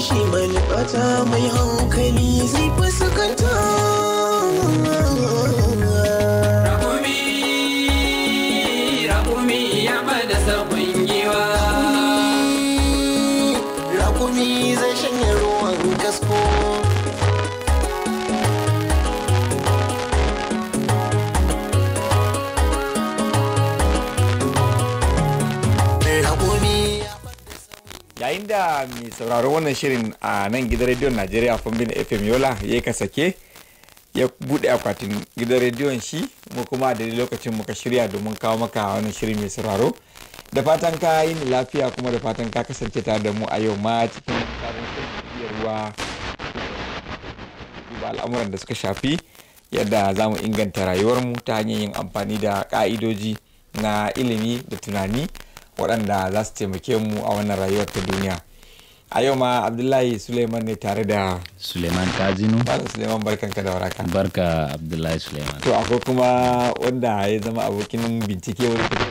shi mai bata mai hankali zai fi sauraro wannan shirin a nan gidan rediyon najeriya fombin fm yola ya ka sake ya bude akwatin gidan rediyon shi mu kuma da lokacin muka shirya domin kawo maka wannan shirin mai sauraro da fatan ka yi lafiya kuma da fatan ka kasance tare da mu a yau ma cikin sabon shirin ruwa duba al'amuran da suka shafi yadda za mu inganta rayuwarmu ta hanyar yin amfani da ka'idoji na ilimi da tunani waɗanda za su taimake mu a wannan rayuwar ta duniya a yau ma abdullahi suleiman ne tare da suleiman kazinu malam suleiman barkan ka da waraka barka abdullahi suleiman to akwai kuma wanda ya zama abokin bincike wani kudu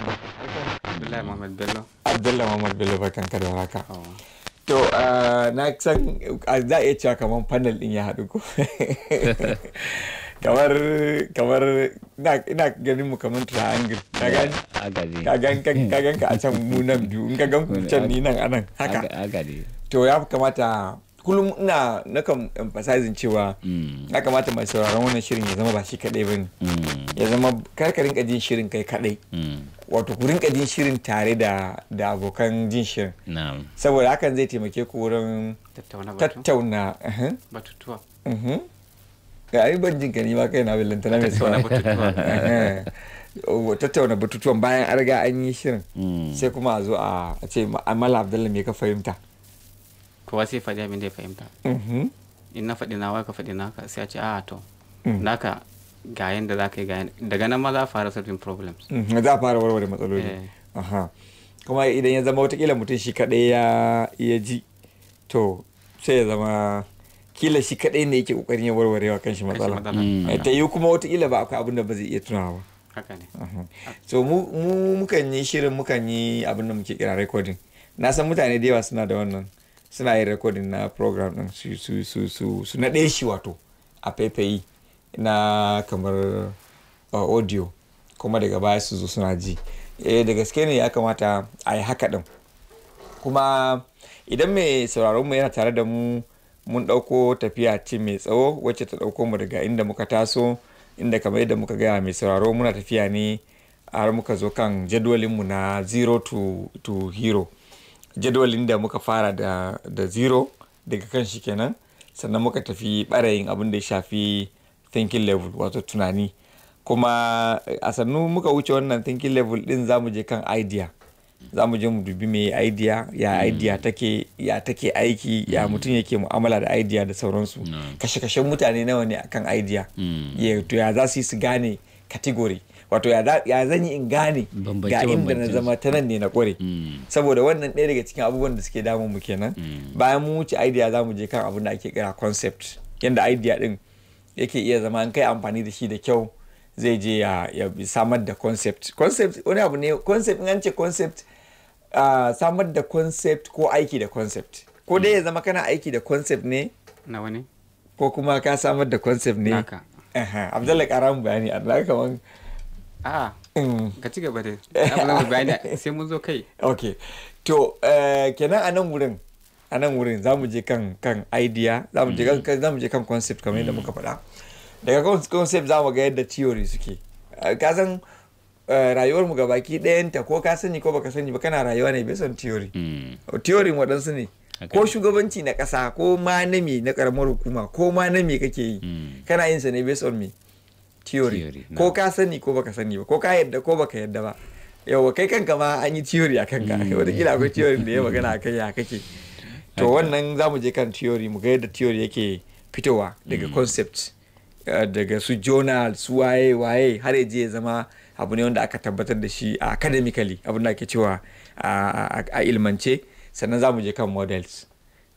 abdullahi muhammad bello abdullahi muhammad bello barkan ka da waraka to na san za a iya cewa kamar panel din ya haɗu ko kamar kamar ina ganin mu kamar tura ka ka gan ka a can mu nan biyu in ka gan ku can ni nan anan haka to ya kamata kullum ina kan emphasizing cewa mm. ya kamata mai sauraron wannan shirin ya zama ba shi kadai bane mm. ya zama karka rinka jin shirin kai kadai mm. wato ku rinka jin shirin tare da da abokan jin shirin saboda hakan zai taimake ku wurin tattauna eh, eh. batutuwa ga mm-hmm. ai ban jin gani ba kai na bilanta na mai sauraron eh, tattauna batutuwan bayan an riga an yi shirin sai kuma a zo a ce amala abdullahi me ka fahimta kowa sai faɗi abin da ya fahimta mhm. in na faɗi nawa ka faɗi naka sai a ce a ah, to mm. naka ga da za ka yi ga daga nan ma za a fara solving problems mm-hmm. za a fara warware matsaloli eh. kuma idan ya zama watakila mutum shi kaɗai ya ji to sai ya zama kila shi kaɗai ne yake ƙoƙarin ya warwarewa kan shi matsala eh, mm. ta yi kuma watakila ba akwai abin da ba zai iya tunawa ba so mu mukan yi shirin mukan yi abin da muke kira recording na san mutane da yawa suna da wannan suna yin rekodin na program din su su su su su naɗe shi wato a faifayi na kamar uh, audio kuma daga baya su zo suna ji eh da gaske ne ya kamata a yi haka ɗin kuma idan mai sauraron mu yana tare da mu mun ɗauko tafiya ce mai tsawo wacce ta ɗauko mu daga inda muka taso inda kamar yadda muka gaya mai sauraro muna tafiya ne har muka zo kan jadwalinmu na zero to, to hero jadawalin da muka fara da, da zero daga kan shi kenan sannan muka tafi ɓarayin abin da ya shafi thinking level wato tunani kuma eh, a sannu muka wuce wannan thinking level din za mu je kan idea za mu je mu dubi mai idea ya hmm. idea take ya take aiki ya hmm. mutum yake mu'amala da idea da sauransu hmm. kashe-kashen mutane nawa ne akan idea to ya za su yi su gane category wato ya zan yi in gane ga inda na zama ta nan ne na kware hmm. saboda wannan ɗaya daga cikin abubuwan da suke damun mu kenan hmm. bayan mu wuce idea za mu je kan abin da ake kira concept yanda idea din yake iya zama an kai amfani da shi da kyau zai je ya samar da concept concept wani abu ne concept in an ce concept samar da concept ko aiki da concept ko dai ya hmm. zama kana aiki da concept ne na wani ko kuma ka samar da concept ne naka abdullahi karamu bayani a kamar a'a mm. ka ci gaba da abu bayani sai mun zo kai ok to eh, kenan a nan wurin a nan wurin za mu je kan kan idea za mu je mm. kan za mu je kan concept kamar yadda mm. muka faɗa daga concept za mu ga yadda theory suke eh, ka san eh, rayuwar mu gabaki ɗayanta ko ka sani ko baka sani ba kana rayuwa ne based on theory oh, theory waɗansu ne ko shugabanci na ƙasa ko ma na na ƙaramar hukuma ko ma na me kake yi kana yin sa ne based on me theory ko ka sani ko baka sani ba ko ka yadda ko baka yadda ba yawa kai kanka ma an yi theory a kanka kila eh. akwai theory da ya magana kai ya kake to wannan za mu je kan theory mu ga yadda theory yake fitowa daga mm. concept eh, daga su journal su waye waye har ya je zama abu ne wanda aka tabbatar da shi a academically abin da ake cewa a ilmance sannan za mu je kan models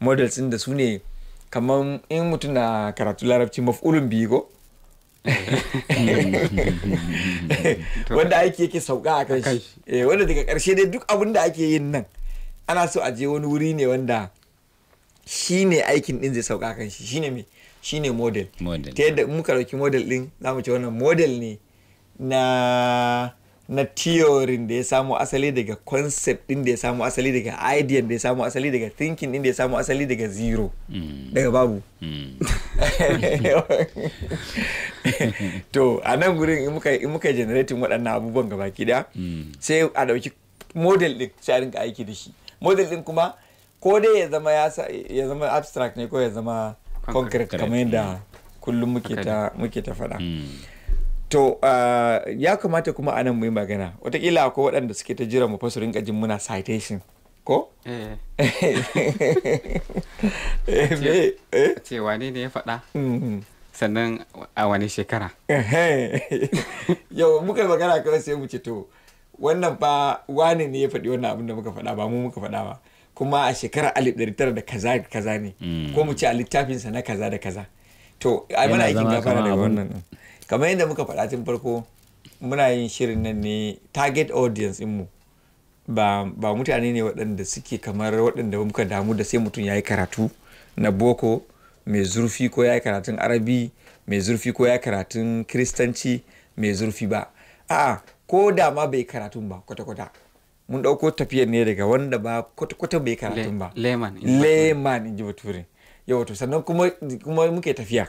models da su ne kamar in mutum na karatu larabci maf'ulun biyu ko wanda ake yake sauka a kan shi eh, wanda daga karshe dai duk abin da ake yin nan ana so a je wani wuri ne wanda shi ne aikin din zai sauka kan shi shine mai shine model ta yadda muka dauki model din zamu ce wannan model ne na na theorin da ya samu asali daga concept din da ya samu asali daga idea da ya samu asali daga thinking din da ya samu asali daga zero hmm. daga babu hmm. to a nan gurin in muka generating waɗannan abubuwan gaba gida hmm. sai a ɗauki model din sai a rinka aiki da shi model din kuma ko dai ya zama ya zama abstract ne ko ya zama concrete kamar yadda kullum muke ta faɗa to eh, ya kamata kuma anan mu yi magana watakila ko waɗanda suke ta jira mu fa su jin muna citation ko? Eh. Eh, ce wane ne ya faɗa mm-hmm. sannan a wani shekara yau muka magana kawai sai mu ce to wannan fa wane ne ya faɗi wannan abin da muka faɗa ba mu muka faɗa ba kuma a shekara alif ɗari tara da kaza da kaza ne mm. ko mu ce a littafinsa na kaza da kaza to ai mana aikin gafara daga wannan kamar yadda muka faɗa tun farko muna yin shirin nan ne target audience mu ba, ba mutane ne waɗanda suke kamar waɗanda muka damu da sai mutum ya yi karatu na boko mai zurfi ko ya yi karatun arabi mai zurfi ko ya yi karatun kiristanci mai zurfi ba a ko da ma bai karatun ba kwata-kwata mun ɗauko tafiyar ne daga wanda ba kwata-kwata bai karatun ba leman in ji baturi yau wato sannan kuma muke tafiya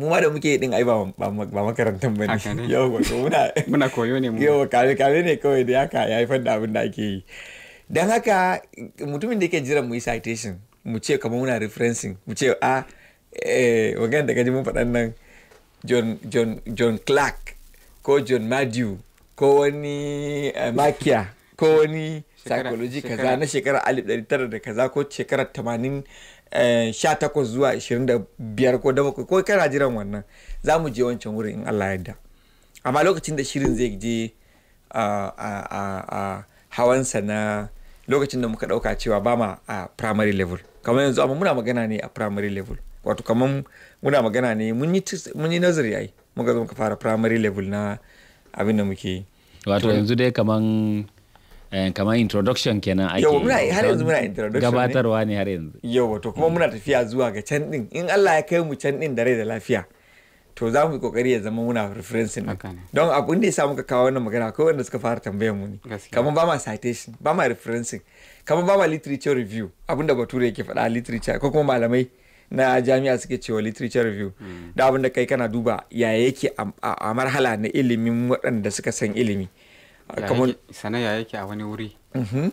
mu ma da muke din ai ba ba makarantar bane yau ba ko muna muna koyo ne mu yau kare kare ne kawai da haka yayi fanda abin da ake yi dan haka mutumin da yake jiran mu citation mu ce kamar muna referencing mu ce a ah, eh wagan da kaji mun faɗan nan John John John Clark ko John Madu ko wani eh, Makia ko wani psychology kaza na shekarar alif tara da kaza ko shekarar tamanin 18 eh, zuwa 25 ko da bakwai ko kana jiran wannan za mu je wancan wurin in Allah yarda amma lokacin da shirin zai je a hawansa na lokacin da muka dauka cewa ba ma a primary level kamar yanzu amma muna magana ne a primary level wato kamar muna magana ne mun yi nazari ai muka zo muka fara primary level na abin da muke yi wato yanzu dai kaman Eh, kamar introduction kenan ake yau muna har yanzu muna introduction gabatarwa ne har yanzu yau to kuma muna tafiya zuwa ga can din in Allah ya kai mu can din da rai da lafiya to za mu yi kokari ya zama muna referencing don abin da ya samu ka kawo wannan magana akwai wanda suka fara tambayar mu ne kamar ba ma citation ba ma referencing kamar ba ma literature review abin da bature yake faɗa literature ko kuma malamai na jami'a suke cewa literature review hmm. da abin da kai kana duba ya yake a marhala na ilimin waɗanda suka san ilimi sanayya yake a wani wuri mhm.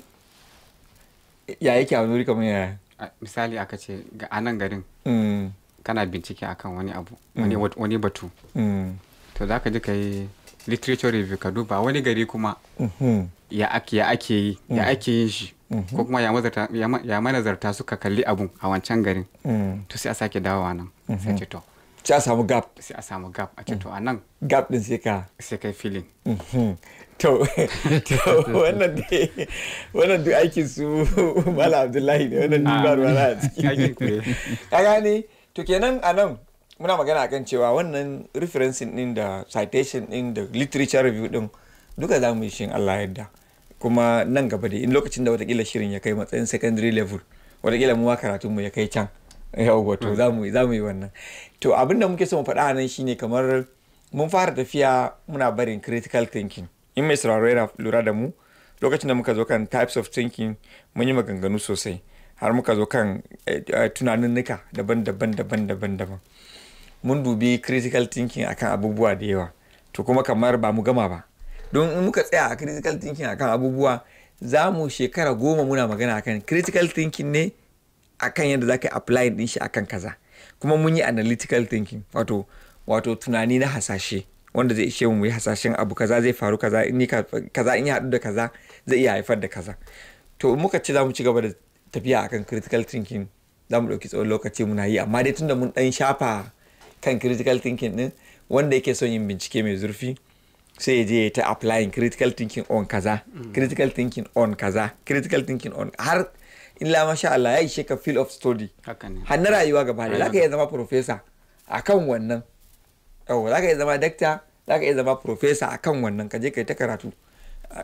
ya yake a wani wuri kamar ya misali aka ce ga anan garin mm. kana bincike akan wani abu mm. wani batu mm. to za ka ji ka yi literature review ka duba wani gari kuma mhm. ya ake ya ake yi ya ake yin shi mhm. ko kuma ya manazarta suka kalli abun a wancan garin to sai a sake dawowa nan sai ce to sai a samu gap sai a samu gap a ce to a nan gap din sai ka sai kai filin to wannan dai wannan duk aikin su mala abdullahi ne wannan duk ba ruwa a ciki ah, a gane to kenan a nan muna magana akan cewa wannan referencing din da citation din da literature review din duka za mu yi shin Allah yadda kuma nan gaba da in lokacin da watakila shirin ya kai matsayin secondary level watakila mu karatun mu ya kai can yawwa to za mu yi wannan to abin da muke so mu faɗa nan shine kamar mun fara tafiya muna barin critical thinking in mai sauraro yana lura da mu lokacin da muka zo kan types of thinking mun yi maganganu sosai har muka zo kan eh, eh, tunaninnika daban-daban daban-daban daban mun dubi critical thinking akan abubuwa da yawa to kuma kamar ba mu gama ba don in muka tsaya a critical thinking akan abubuwa za mu shekara goma muna magana akan critical thinking ne akan yadda za ka apply din shi akan kaza kuma mun yi analytical thinking wato tunani na hasashe wanda zai ishe mu yi hasashen abu kaza zai faru kaza in kaza in haɗu da kaza zai iya haifar da kaza to muka ce za mu ci gaba da tafiya akan critical thinking za mu ɗauki tsawon lokaci muna yi amma dai tunda mun ɗan shafa kan critical thinking ɗin wanda yake son yin bincike mai zurfi sai ya je ya ta applying critical thinking on kaza mm. critical thinking on kaza critical thinking on har la masha Allah ya ishe ka field of study har na rayuwa gaba da ka iya zama professor akan wannan yau ka iya zama doctor za ka iya zama profesa a kan wannan kaje je ka yi ta karatu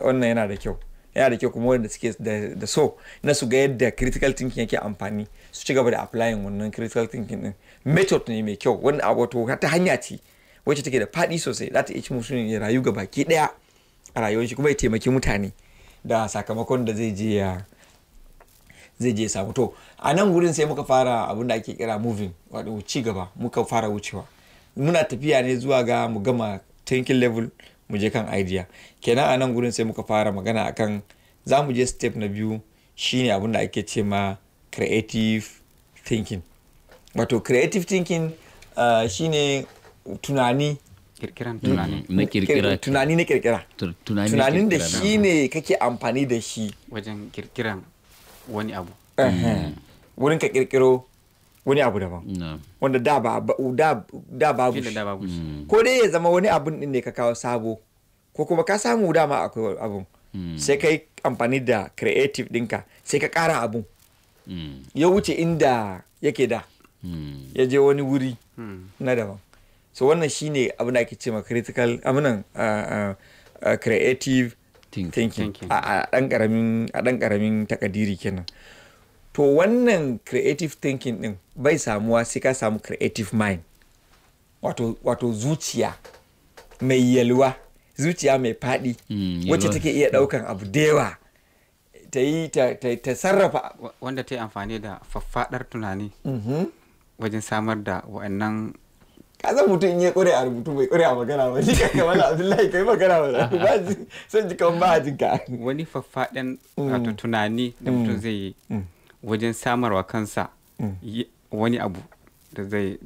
wannan yana da kyau yana da kyau kuma wanda suke da so na su ga yadda critical thinking yake amfani su ci gaba da applying wannan critical thinking din method ne mai kyau wanda wato ta hanya ce wacce take da faɗi sosai za ta iya ci musu ya rayu ga baki ɗaya a rayuwar shi kuma ya taimaki mutane da sakamakon da zai je ya zai je samu to a nan gurin sai muka fara abin da ake kira moving wato ci gaba muka fara wucewa muna tafiya ne zuwa ga mu gama thinking level mu je kan idea kenan a nan gurin sai muka fara magana akan za mu je step na biyu shine abin da ake ce ma creative thinking wato creative thinking uh, shine tunani kirkiran tunani mm. na kirkira tunani tunanin da shi ne kake amfani da shi wajen kirkiran wani abu mm. wurin ka kirkiro wani abu daban wanda da babu shi hmm. ko dai ya zama wani abun din ne ka kawo sabo ko kuma ka samu dama akwai abun hmm. sai ka yi amfani da creative dinka sai ka kara abun hmm. ya wuce inda yake da ya je wani wuri na daban so wannan shine abin da ake ce ma critical aminan creative thinking a dan karamin takadiri kenan to wannan creative thinking din bai samuwa sai ka samu creative mind wato, wato zuciya mai yalwa zuciya mai faɗi mm, wacce take iya ɗaukan abu dewa ta yi ta sarrafa wanda ta yi amfani da faffaɗar tunani mhm. wajen samar da wa'annan ka san mutum in ya kure a rubutu bai kure a magana ba ni kanka wala abdullahi kai magana ba ba ji san ji kan ba jinka wani faffaɗan mm. tunani da mutum mm. zai yi mm. wajen samarwa kansa mm. wani abu da zai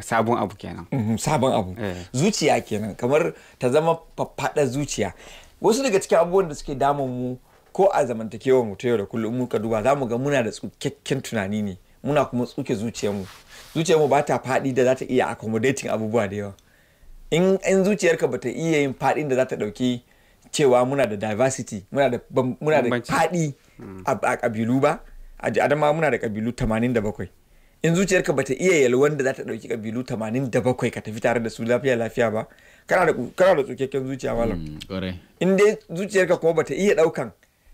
sabon abu kenan mhm, sabon abu eh. zuciya kenan kamar ta zama faɗa zuciya wasu daga cikin abubuwan da suke damun mu ko a zamantakewar mu ta yau da kullum muka duba za mu ga muna da tsukakken tunani ne muna kuma tsuke zuciyarmu zuciyarmu ba ta faɗi da za ta iya accommodating abubuwa da yawa in in zuciyarka ba ta iya yin faɗin da za ta ɗauki cewa muna da diversity muna da faɗi mm. a ƙabilu ba a adama muna da kabilu 87 in zuciyarka ba ta iya yalwan da za ta ɗauki kabilu 87 ka tafi tare da su lafiya lafiya ba kana da kana da tsukakken zuciya malam mm, in dai zuciyarka kuma ba ta iya ɗaukan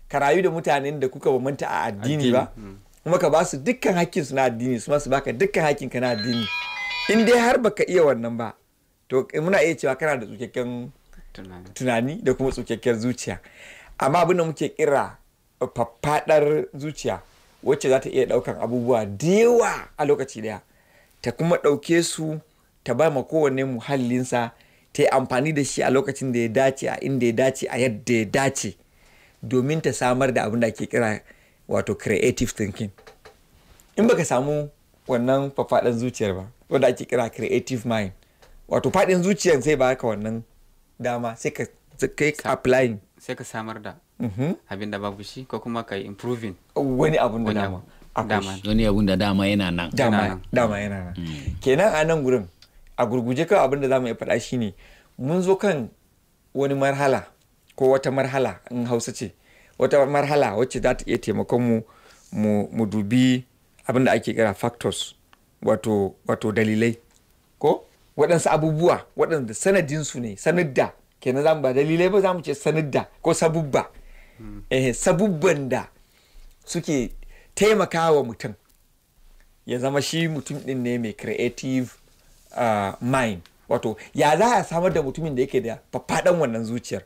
ka rayu da mutanen da kuka manta a addini ba mm. kuma ka ba su dukkan hakkin su na addini su ma su baka dukkan hakkin ka na addini in dai har baka iya wannan ba to muna iya cewa kana da tsukakken tunani da kuma tsukakken zuciya amma abin da muke kira faffadar zuciya wacce za ta iya ɗaukan abubuwa da yawa a lokaci daya ta kuma ɗauke su ta ba ma kowanne muhallinsa ta yi amfani da shi a lokacin da ya dace a inda ya dace a yadda ya dace domin ta samar da abin da ake kira wato creative thinking in baka samu wannan faɗin zuciyar ba wanda ake kira creative mind wato faɗin zuciyar sai ba ka wannan dama sai ka kai applying sai ka samar da mhm. abin da babu shi ko kuma ka yi improving wani abun da dama wani abun da dama yana nan dama yana nan mm. kenan a nan gurin a gurguje kawai abin da za mu iya faɗa ne mun zo kan wani marhala ko wata marhala in hausa ce wata marhala wacce za ta iya taimakon mu mu dubi abin da ake kira factors wato dalilai ko waɗansu abubuwa waɗanda sanadinsu ne sanar da kenan zamu ba dalilai ba za zamu ce sanar da ko sabubba hmm. eh sabubban da suke taimakawa mutum ya zama shi mutum din ne mai creative ah, mind wato ya za a samar da mutumin da yake da faffaɗan wannan zuciyar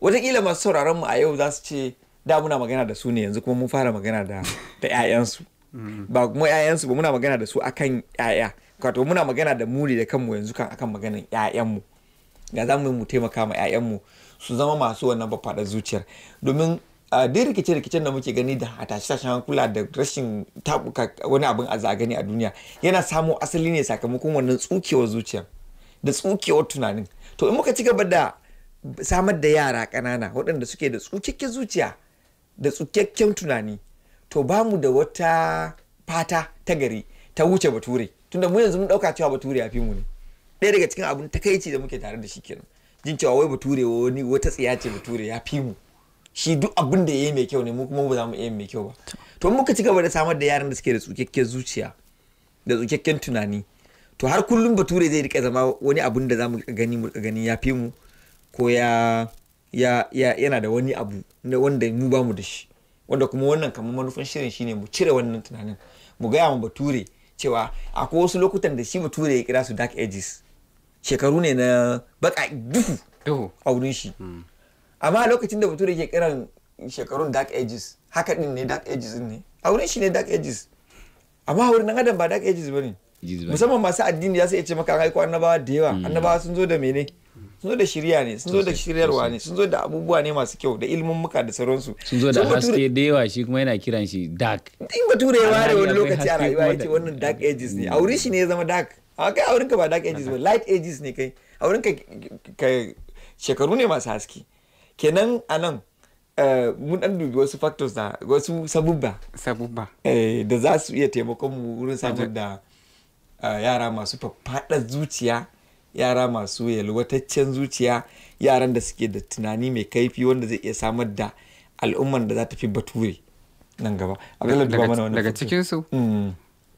wataƙila masu sauraron mu a yau za su ce da muna magana da su ne yanzu kuma mun fara magana da da 'ya'yansu hmm. ba kuma 'ya'yansu ba muna magana da su akan 'ya'ya wato muna magana da mu da kanmu yanzu kan akan maganan 'ya'yanmu ga za mu taimaka ma 'ya'yanmu su zama masu wannan faɗa zuciyar domin a duk rikice-rikicen da muke gani da tashe-tashen hankula da rashin tabuka wani abin a gani a duniya yana samo asali ne sakamakon wannan tsukewar zuciyar da tsukewar tunanin to in muka ci gaba da samar da yara ƙanana waɗanda suke da tsukakken zuciya da tsukakken tunani to ba mu da wata fata ta gari ta wuce bature tunda mu yanzu mun ɗauka cewa bature ya fi mu ne ɗaya daga cikin abun takaici da muke tare da shi kenan jin cewa wai bature wani wata tsiya ce bature ya fi mu shi duk abun da yayi mai kyau ne mu kuma ba za mu iya mai kyau ba to muka ci gaba da samar da yaran da suke da tsukakken zuciya da tsukakken tunani to har kullum bature zai rika zama wani abun da za mu gani mu gani ya fi mu ko ya ya yana da wani abu wanda mu ba mu da shi wanda kuma wannan kamar manufan shirin shine mu cire wannan tunanin mu gaya mu bature cewa akwai wasu lokutan da shi bature ya kira su dark ages shekaru ne na baka duhu duhu a wurin shi hmm. amma lokacin da bature ke kiran shekarun dark ages haka din ne dark ages ne a wurin shi ne dark ages amma a wurin adam ba dark ages ba ne musamman masu addini za su iya ce maka an annabawa da yawa hmm. annabawa sun zo da mene sun zo da shirya ne sun zo da shiryarwa ne sun zo da abubuwa ne masu kyau da ilimin muka da sauransu sun zo da haske da yawa shi kuma yana kiran shi dark in bature ya ware wani lokaci a rayuwa ya ce wannan dark ages ne a wurin shi ne ya zama dark A kai a wurinka ba dark ages ba light ages ne kai a wurinka ka shekaru ne masu haske kenan a nan eh, mun dan dubi wasu factors da wasu sabubba sabubba eh, da za su iya taimakon mu wurin samun da eh, yara masu faffaɗar zuciya yara masu yalwataccen zuciya yaran da suke da tunani mai kaifi wanda zai iya samar da al'umman da za ta fi bature nan gaba daga cikinsu mm.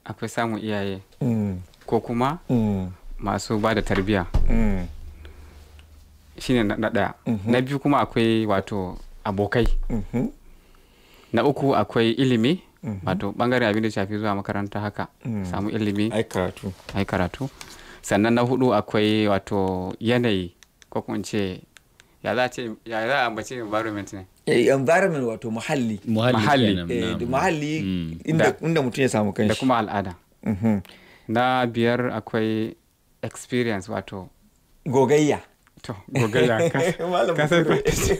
akwai samun iyaye mm. ko kuma mm. masu ba da tarbiya mm. shine na ɗaya mm-hmm. na biyu kuma akwai wato abokai mm-hmm. na uku akwai ilimi mm-hmm. wato bangaren abin da shafi zuwa makaranta haka mm. samu ilimi ai karatu sannan na hudu akwai wato yanayi ko kun ce ya za ce ya za a bace environment ne eh, environment wato muhalli muhalli muhalli eh, inda mutum ya samu kanshi da kuma al'ada na biyar akwai experience wato gogayya to gogayya kasar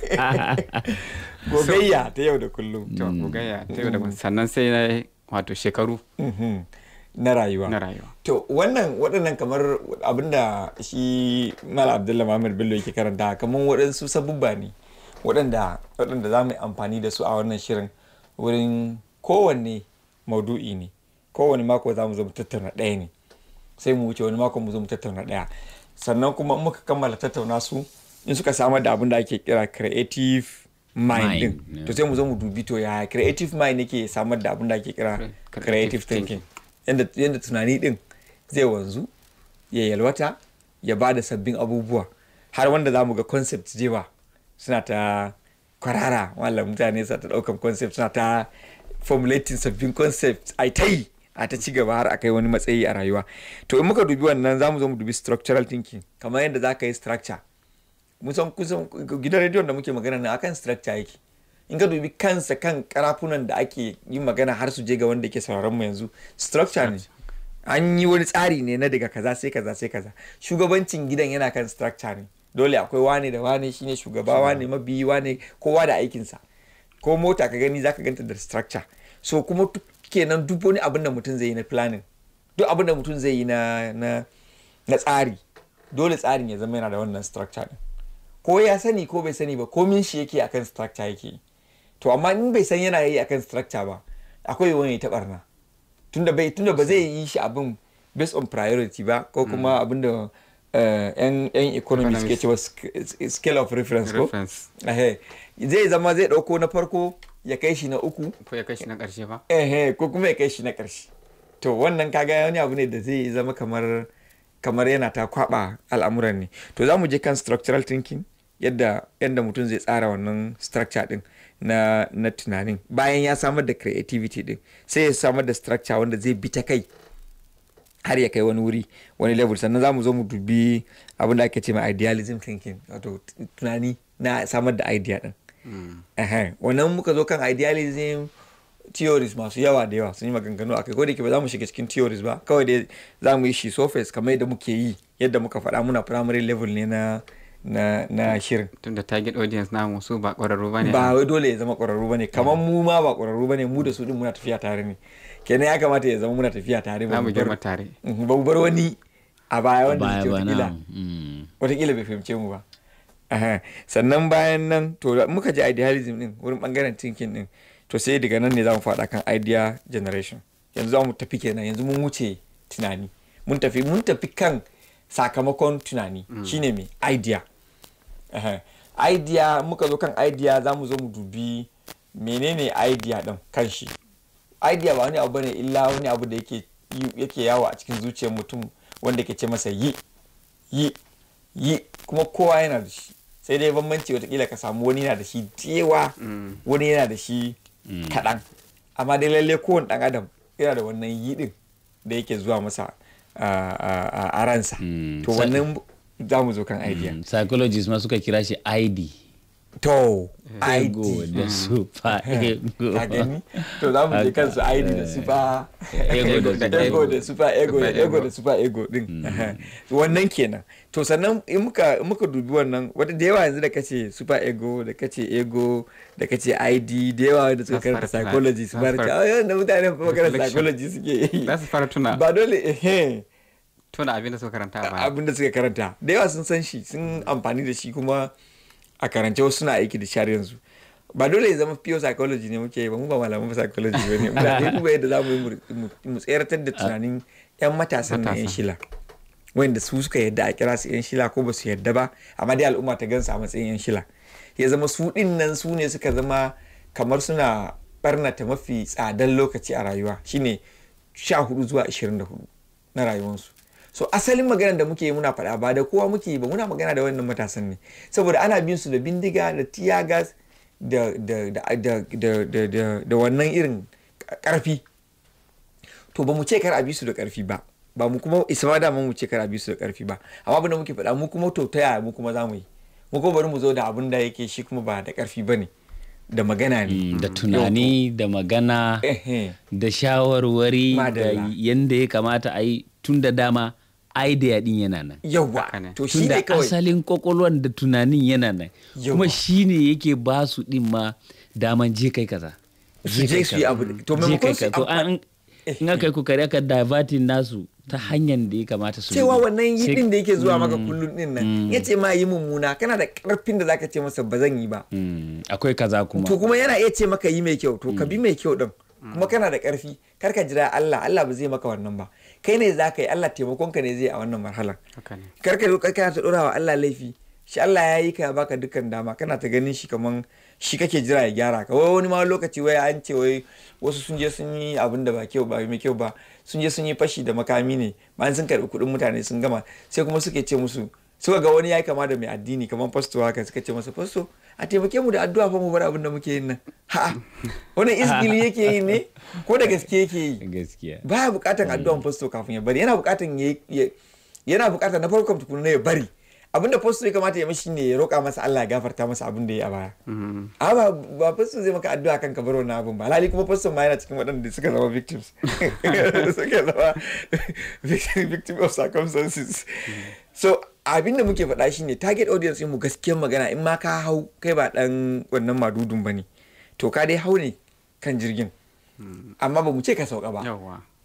gogayya ta yau da kullum to mm. gogayya ta yau da kullum sannan sai na wato shekaru mm-hmm. na rayuwa na rayuwa to wannan waɗannan kamar abinda shi mala abdullah muhammad bello yake karanta kamar waɗansu sabubba ne waɗanda waɗanda za mu yi amfani da su a wannan shirin wurin kowanne maudu'i ne kowane mako za mu zo mu tattauna ɗaya ne sai mu wuce wani mako mu zo mu tattauna ɗaya sannan kuma in muka kammala tattauna su in suka samar da abin da ake kira creative mind din to sai mu zo mu dubi to ya creative mind yake samar da abin da ake kira creative thinking yadda tunani din zai wanzu ya yalwata ya ba da sabbin abubuwa har wanda za mu ga concept jewa suna ta kwarara wallan mutane suna ta daukan concept suna ta formulating sabbin concept ai ta yi a ta ci gaba har akai wani matsayi a rayuwa to in muka dubi wannan za mu zo mu dubi structural thinking kamar yadda za ka yi structure musan gidan rediyon da muke magana na akan structure yake in ka dubi kansa kan karafunan da ake yi magana har su je ga wanda ke sauraron mu yanzu structure ne an yi wani tsari ne na daga kaza sai kaza sai kaza shugabancin gidan yana kan structure ne dole akwai wane da wane shine shugaba wane mabiyi wane kowa da aikinsa ko mota ka gani zaka ganta da structure so kuma kenan duk wani abin da mutum zai yi na planning duk abin da mutum zai yi na na tsari dole tsarin ya zama yana da wannan structure din ko ya sani ko bai sani ba komin shi yake akan structure yake to amma in bai san yana yi akan structure ba akwai wani ya tunda bai tunda ba zai yi shi abin based on priority ba ko hmm. kuma abin da eh, yan economy suke cewa scale of reference ko zai zama zai ɗauko na farko ya kai shi na uku ko ya kai shi na karshe ba eh ko kuma ya kai shi na karshe to wannan kaga wani abu ne da zai zama kamar kamar yana ta kwaba al'amuran ne to za mu je kan structural thinking yadda yadda mutum zai tsara wannan structure din na na tunanin bayan ya samar da creativity din sai ya samar da structure wanda zai bi ta kai har ya kai wani wuri wani level sannan za mu zo mu dubi abin da ake ce ma idealism thinking wato tunani na samar da idea din Mm. wannan muka zo kan idealism theories masu yawa da yawa sun yi maganganu a kai ko da ke ba za mu shiga cikin theories ba kawai dai za mu yi shi surface kamar yadda muke yi yadda muka faɗa muna primary level ne na na na shirin Tunda target audience namu su ba ƙwararru ba ne ba wai dole ya zama ƙwararru ba ne kamar mm. mu ma ba ƙwararru ba ne mu da su din muna tafiya tare ne kenan ya kamata ya zama muna tafiya tare ba mu girma tare mhm. ba mu bar wani a baya wanda ke wata kila bai fahimce mu ba sannan bayan nan to muka ji idealism din wurin bangaren thinking din to sai daga nan ne za mu faɗa kan idea generation yanzu za mu tafi kenan yanzu mun wuce tunani mun tafi mun tafi kan sakamakon tunani mm. shine mai idea idea muka zo kan idea za mu zo mu dubi menene idea din kanshi idea ba wani abu bane illa wani abu da yake yake yawo a cikin zuciyar mutum wanda ke ce masa yi yi yi kuma kowa yana da shi sai dai bambanci watakila ka samu wani yana da shi jewa mm. wani yana da shi mm. kaɗan amma dai lalle kowane ɗan adam yana da wannan yiɗin da yake zuwa masa a ransa mm. to wannan za mu zo kan idea psychologist ma suka kira shi id to mm. ego da super ego to za mu je kansu id da eh, super ego da super ego da ego da super ego din mm. wannan kenan to sannan in muka muka dubi wannan wata da yawa yanzu da kace super ego da kace ego da kace id da yawa da suka karanta psychology su fara ta wannan mutane ba karanta psychology suke yi su fara tuna ba dole eh, eh. tuna abin da suka karanta ba abin da suka karanta da yawa sun san shi sun amfani da shi kuma a karance wasu suna aiki da shar yanzu ba dole ya zama pure psychology ne muke yi ba mu ba malaman psychology ba ne yadda za mu yi mu tseratar da tunanin yan matasan na yan shila wanda su suka yadda a kira su yan shila ko ba su yadda ba amma dai al'umma ta gansa a matsayin yan shila ya zama su din nan su ne suka zama kamar suna barnata mafi tsadan lokaci a rayuwa shine 14 zuwa 24 na rayuwarsu so asalin maganar da muke yi muna faɗa ba da kowa muke yi ba muna magana da wannan matasan ne saboda ana bin su da bindiga da tiyagas da wannan irin karfi to ba mu ce kar a bi su da karfi ba ba mu kuma ba da mu ce kar a bi su da karfi ba amma abin da muke faɗa mu kuma to ta yaya mu kuma za mu yi mu kuma bari mu zo da abin da yake shi kuma ba da karfi ba ne da magana ne mm, da tunani da magana da shawarwari da yanda ya kamata a yi tun da dama idea din yana nan yawa to shi ne kawai asalin kwakwalwan da tunanin yana nan kuma shi ne yake ba su din ma daman je kai kaza je su yi abu to maimakon su to an in aka yi kokari aka divertin nasu ta hanyar da ya kamata su cewa wannan yi din da yake zuwa maka kullum din nan mm. ya ce ma yi mummuna kana da karfin da zaka ce masa ba zan yi ba mm. akwai kaza kuma to kuma yana iya ce maka yi mai kyau to ka mm. bi mai kyau din kuma kana da karfi kar ka jira Allah Allah ba zai maka wannan ba kai ne za ka yi Allah taimakon ka ne zai a wannan marhala kar ka zo kana ta dora wa Allah laifi shi Allah ya yi ka ya baka dukkan dama kana ta ganin shi kaman shi kake jira ya gyara ka wai wani ma lokaci wai an ce wai wasu sun je sun yi abin da ba kyau ba mai kyau ba sun je sun yi fashi da makami ne bayan sun karbi kuɗin mutane sun gama sai kuma suke ce musu suka ga wani ya yi kama da mai addini kamar fasto haka suka ce masa fasto a taimake mu da addu'a fa mu bar abin da muke yin nan ha wani isgili yake yi ne ko da gaske yake yi gaskiya baya bukatan addu'an fasto kafin ya bari yana bukatan yana bukatan na farkon ne ya bari abin da fasto ya kamata ya mishi ne ya roƙa masa Allah ya gafarta masa abin da ya a baya amma mm-hmm. ba fasto zai maka addu'a kan ka bar wannan abin ba lalle kuma fasto ma yana cikin waɗanda suka zama victims suka zama victim of circumstances mm-hmm. so abin da muke faɗa shine target audience mu gaskiyar magana in ma ka hau kai ba dan wannan madudun ne to ka dai hau ne kan jirgin amma ba mu ce ka sauka ba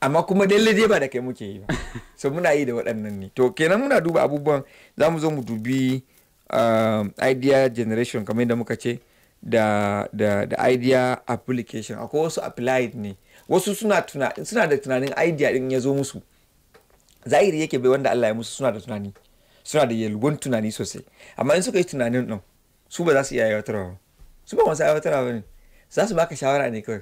amma kuma dalle dai ba da kai muke yi ba so muna yi da waɗannan ne to kenan muna duba abubuwan za mu zo mu dubi ah, idea generation kamar yadda muka ce da, da, da idea application akwai wasu applied ne wasu suna, tuna, suna da tunanin idea din ya zo musu zahiri yake bai wanda Allah ya musu suna da tunani suna da yalwan tunani sosai amma in suka yi tunanin nan su ba za su iya aiwatarwa ba su ba masu aiwatarwa ba ne za su baka shawara ne kawai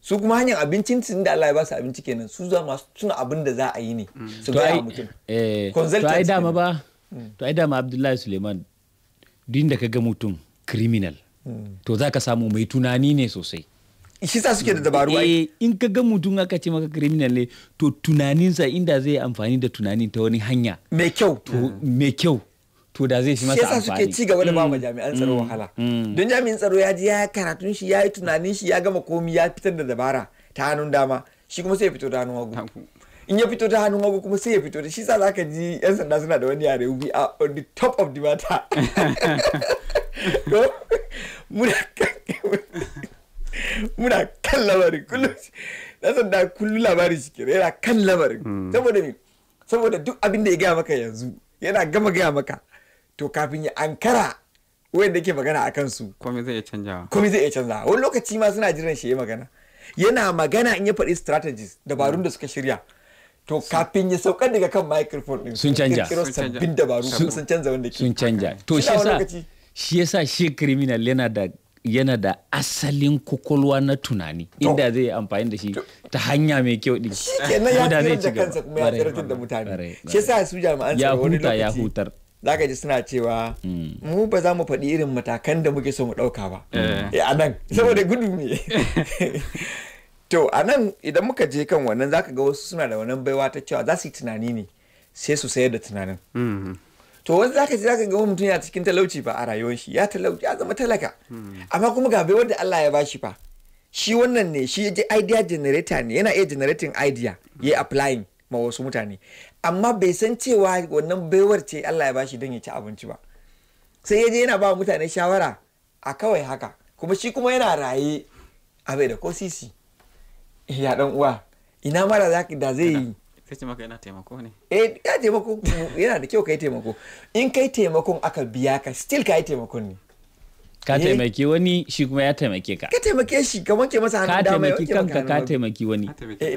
su kuma hanyar abincin su da Allah ya ba su abinci kenan su za masu tuna abin da za a yi ne mm. su ga mutum eh, to ai dama ba mm. to ai dama Abdullahi Suleiman duk da ka ga mutum criminal mm. to za ka samu mai tunani ne sosai shi sa suke da dabaru eh in ka ga mutum aka ce maka criminal ne to tunaninsa inda zai amfani da tunanin ta wani hanya mai kyau to mai kyau to da zai shi masa amfani. Shi suke ci gaba da ba ma mm, jami'an tsaro mm, wahala. Mm. Don jami'in tsaro ya ji ya karatun shi ya yi tunanin shi ya gama komi ya fitar da dabara ta hannun dama shi kuma sai ya fito da hannun hagu. In ya fito ta hannun hagu kuma sai ya fito da shi sa ka ji yan sanda suna da wani yare ubi a on the top of the matter. muna kan lamarin kullum mm. na san da kullum labarin shi kenan yana kan lamarin mm. saboda me saboda duk abin da ya gaya maka yanzu yana gama gaya maka to kafin ya ankara wanda ke magana a kansu komai zai iya wa. komai zai iya canja wani lokaci ma suna jiran shi ya magana yana magana in ya faɗi strategies dabarun mm. da suka shirya to kafin ya saukar daga kan microphone din sun canja sun canja dabaru sun canja wanda ke sun canja to shi yasa shi yasa shi criminal yana da yana da asalin kukulwa na tunani inda zai amfani da shi ta hanya mai kyau din shi kenan ya tsira da kansa kuma ya tsiratar da mutane shi yasa su jami'an tsaro wani lokaci ya hutar zaka ji suna cewa mm. mu ba za mu faɗi irin matakan da muke so mu ɗauka ba eh. Eh, a nan mm. saboda gudu ne to a nan idan muka je kan wannan zaka ga wasu suna da wannan baiwa ta cewa za su yi tunani ne sai su sayar da tunanin mm-hmm. to wasu zaka ji zaka ga mutum yana cikin talauci ba a rayuwar shi ya talauci ya zama talaka amma kuma ga baiwar da Allah ya bashi fa shi wannan ne shi yaje idea generator ne yana iya generating idea ya applying ma wasu mutane amma bai san cewa wannan baiwar ce Allah ya bashi don ya ci abinci ba sai yaje yana ba mutane shawara a kawai haka kuma shi kuma yana raye a bai da ko sisi ya dan uwa ina mara zaki da zai yi kace maka yana taimako ne eh ya taimako yana da kyau kai taimako in kai taimakon aka biya ka still kai taimakon ne ka eh? taimaki wani shi kuma ya taimake ka ka taimake shi ka wanke masa hannu dama ka taimaki eh, kanka ka taimaki wani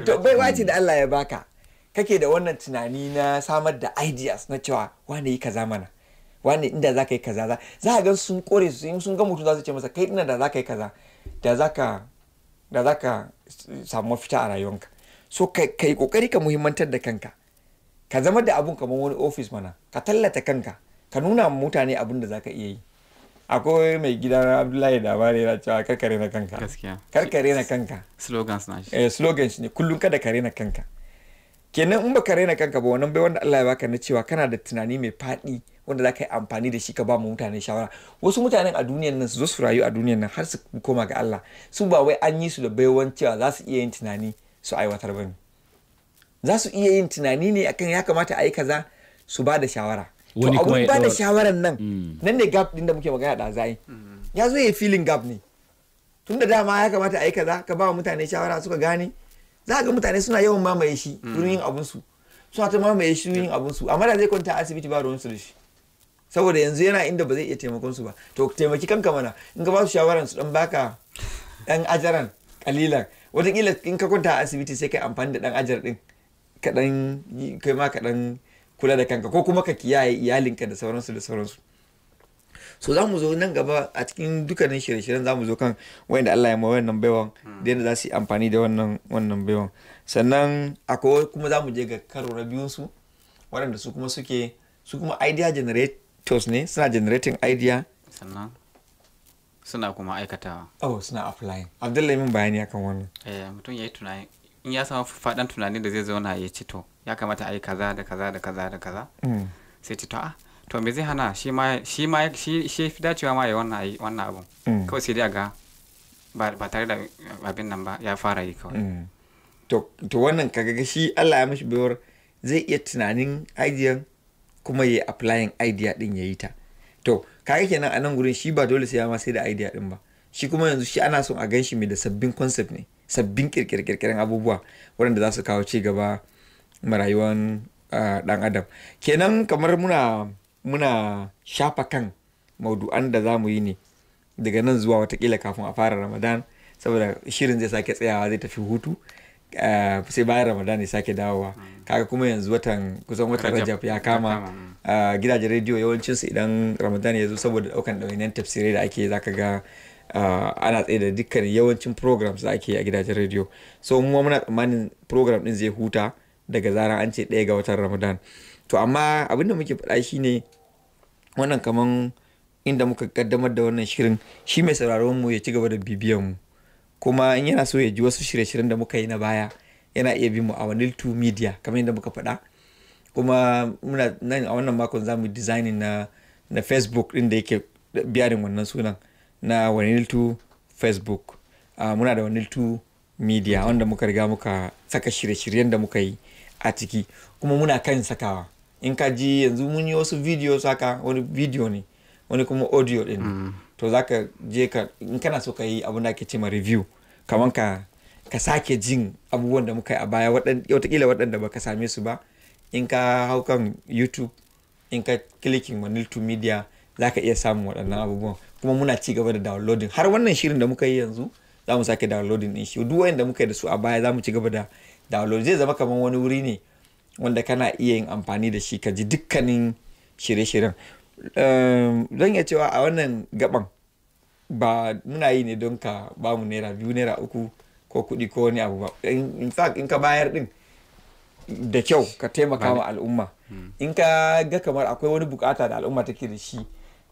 to bai wace da Allah ya baka kake da wannan tunani na samar da ideas na cewa wani yi kaza mana wani inda za ka yi kaza za ka ga sun kore su sun ga mutum za su ce masa kai ina da za ka yi kaza da za ka da zaka samu mafita a rayuwanka so ka yi kokari ka muhimmantar da kanka ka zama da abun kamar wani ofis mana ka tallata kanka ka nuna mutane abin da zaka iya yi akwai mai gida na abdullahi labari na cewa karkare na kanka karkare na kanka slogans na shi eh slogans ne kullum kada kare na kanka kenan in ba kare na kanka ba wannan bai wanda Allah ya baka na cewa kana da tunani mai fadi wanda za ka yi amfani da shi ka ba mu mutane shawara wasu mutanen a duniyan nan su zo su rayu a duniyan nan har su koma ga Allah su ba wai an yi su da baiwan cewa za su iya yin tunani su aiwatar ba ne za su iya yin tunani ne akan ya kamata a yi kaza su ba da shawara to kuma ba da shawaran nan mm. nan ne gap din da muke magana da zai ya zo ya filin gap ne tun da dama ya kamata a yi kaza ka ba wa mutane shawara suka gane za ga mutane suna yawan mamaye shi mm. wurin yin abun su suna ta mamaye shi wurin yin abun su amma da zai kwanta asibiti ba ruwan su da shi saboda yanzu yana inda ba zai iya taimakon su ba to taimaki kanka mana in ka ba su shawaran su dan baka dan ajaran kalilan wataƙila in ka kwanta a asibiti sai ka amfani da ɗan ajar ɗin kaɗan kai ma kaɗan kula da kanka ko kuma ka kiyaye iyalinka da sauransu da sauransu so za mu zo nan gaba a cikin dukkanin shirye-shiryen za mu zo kan wanda Allah ya ma wannan baiwan hmm. da yadda za su yi amfani da wannan wannan baiwan sannan akwai kuma za mu je ga karo na biyun su waɗanda su kuma suke su kuma idea generators ne suna generating idea suna kuma aikatawa oh suna applying abdullahi min bayani akan wannan eh mutum ya yi tunani in ya samu faɗan tunani da zai zauna ya ci to ya kamata a yi kaza da kaza da kaza da kaza mm. sai ci to a ah, to me zai hana shi ma shi ma shi shi fi dacewa ma ya wannan wannan abun mm. kawai sai dai ga ba tare da abin nan ba ya fara yi kawai mm. to wannan kaga shi Allah ya mashi baiwar zai iya tunanin idea kuma ya applying idea din ya yi ta to kaga kenan a nan gurin shi ba dole sai ya ma sai da idea din ba shi kuma yanzu shi ana son a gan shi mai da sabbin concept ne sabbin kirkirkirkirin abubuwa waɗanda za su kawo ci gaba ma rayuwar ɗan adam kenan kamar muna muna shafa kan maudu'an da za mu yi ne daga nan zuwa watakila kafin a fara ramadan saboda shirin zai sake tsayawa zai tafi hutu sai bayan ramadan ya sake dawowa mm. kaga kuma yanzu watan kusan watan rajab ya kama mm. a ah, gidajen rediyo yawancinsu idan ramadan ya zo saboda daukan ɗawainiyar tafsirai da ake zaka ga ah, ana tsaye da dukkan yawancin programs da ake a gidajen rediyo so mu muna tsammanin program din zai huta daga zaran an ce ɗaya ga watan ramadan to amma abinda muke faɗa shine wannan kaman inda muka kaddamar da wannan shirin shi mai sauraron mu ya ci gaba da bibiyan mu kuma in yana so ya ji wasu shirye-shiryen da muka yi na baya yana iya bin mu a waniltu media kamar yadda muka faɗa kuma muna nan a wannan makon za mu designing na na facebook din da yake biyarin wannan sunan na waniltu facebook uh, muna da waniltu media wanda muka riga muka saka shirye-shiryen da muka yi a ciki kuma muna kan sakawa in ka ji yanzu mun yi wasu video saka wani video ne wani kuma audio din mm. to za ka je ka in kana so ka yi abin da ake ce ma review kamar ka ka sake jin abubuwan da muka yi a baya watakila waɗanda baka same su ba in ka hau kan youtube in ka clicking maniltu media za ka iya samun waɗannan abubuwan kuma muna ci gaba da downloading har wannan shirin da muka yi yanzu za mu sake downloading din shi duk wanda muka yi da su a baya za mu ci gaba da download zai zama kamar wani wuri ne wanda kana iya yin amfani da shi ka ji dukkanin shirye-shiryen ehm, zan iya cewa a wannan gaban ba muna yi ne don ka ba mu naira biyu naira uku ko kuɗi ko wani abu ba in fact in ka bayar din da kyau ka taimaka ma al'umma hmm. in ka ga kamar akwai wani bukata da al'umma take da shi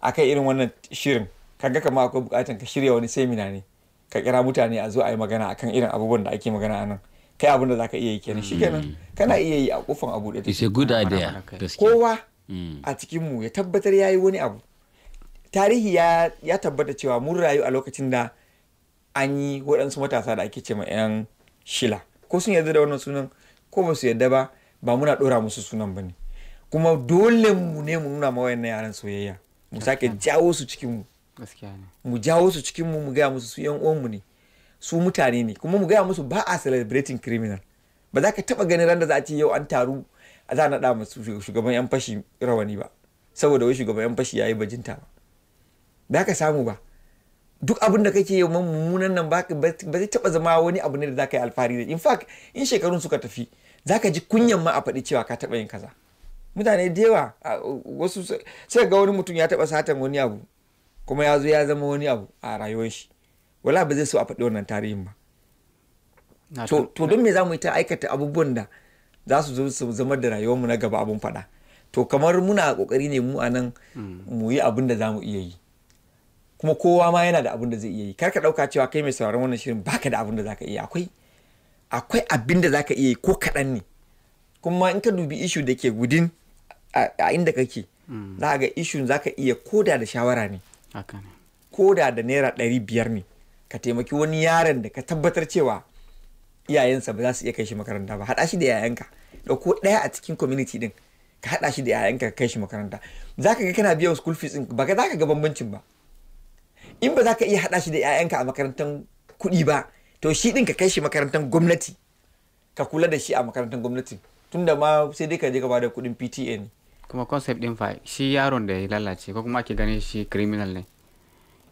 kai irin wannan shirin ka ga kamar akwai bukatan ka shirya wani semina ne ka kira mutane a zo a yi magana akan irin abubuwan da ake magana a nan kai abin da zaka iya yi kenan shi kenan hmm. kana iya yi a kofan abu da take good idea kowa hmm. a cikin mu ya tabbatar yayi wani abu tarihi ya ya tabbata cewa mun rayu a lokacin da an yi waɗansu matasa da ake ce ma 'yan shila ko sun yarda da wannan sunan ko ba su yadda ba ba muna ɗora musu sunan ba ne kuma dole mu ne mu nuna mawayan na yaran soyayya mu sake jawo su cikin mu mu jawo su cikin mu mu gaya musu su yan uwan mu ne su mutane ne kuma mu gaya musu ba a celebrating criminal ba za ka taba ganin ran da za a ce yau an taru a za naɗa musu shugaban yan fashi rawani ba saboda wai shugaban yan fashi yayi bajinta ba ba ka samu ba duk abin da kake yi mummunan nan ba zai taba zama wani abu ne da za ka yi alfahari da in fact in shekarun suka tafi za ka ji kunyan ma a faɗi cewa ka taɓa yin kaza mutane da yawa wasu sai ga wani mutum ya taɓa satan wani abu kuma ya zo ya zama wani abu a rayuwar shi wala ba zai so a faɗi wannan tarihin ba to don me za mu yi ta aikata abubuwan da za su zo su zama da rayuwarmu na gaba abun faɗa to kamar muna kokari ne mu a nan hmm. mu yi abin da za mu iya yi kuma kowa ma yana da abin da zai iya yi kar ka ɗauka cewa kai mai sauraron wannan shirin baka da abin da za ka iya akwai akwai abin da zaka iya yi ko kaɗan ne kuma in ka dubi ishu da ke gudun a inda kake za ga ishu za ka iya koda da shawara ne koda da naira ɗari biyar ne ka taimaki wani yaron da ka tabbatar cewa iyayensa ba za su iya kai shi makaranta ba haɗa shi da yayanka ɗauko ɗaya a cikin community ɗin. ka haɗa shi da yayanka ka kai shi makaranta za ka ga kana biyan school fees ɗin ba za ka ga bambancin ba in ba za ka iya haɗa shi da yayanka a makarantar kuɗi ba to shi din ka kai shi makarantar gwamnati ka kula da shi a makarantar gwamnati tunda ma sai dai ka je ka bada kuɗin PTA ne kuma concept din fa shi yaron da ya lalace ko kuma ake ganin shi criminal ne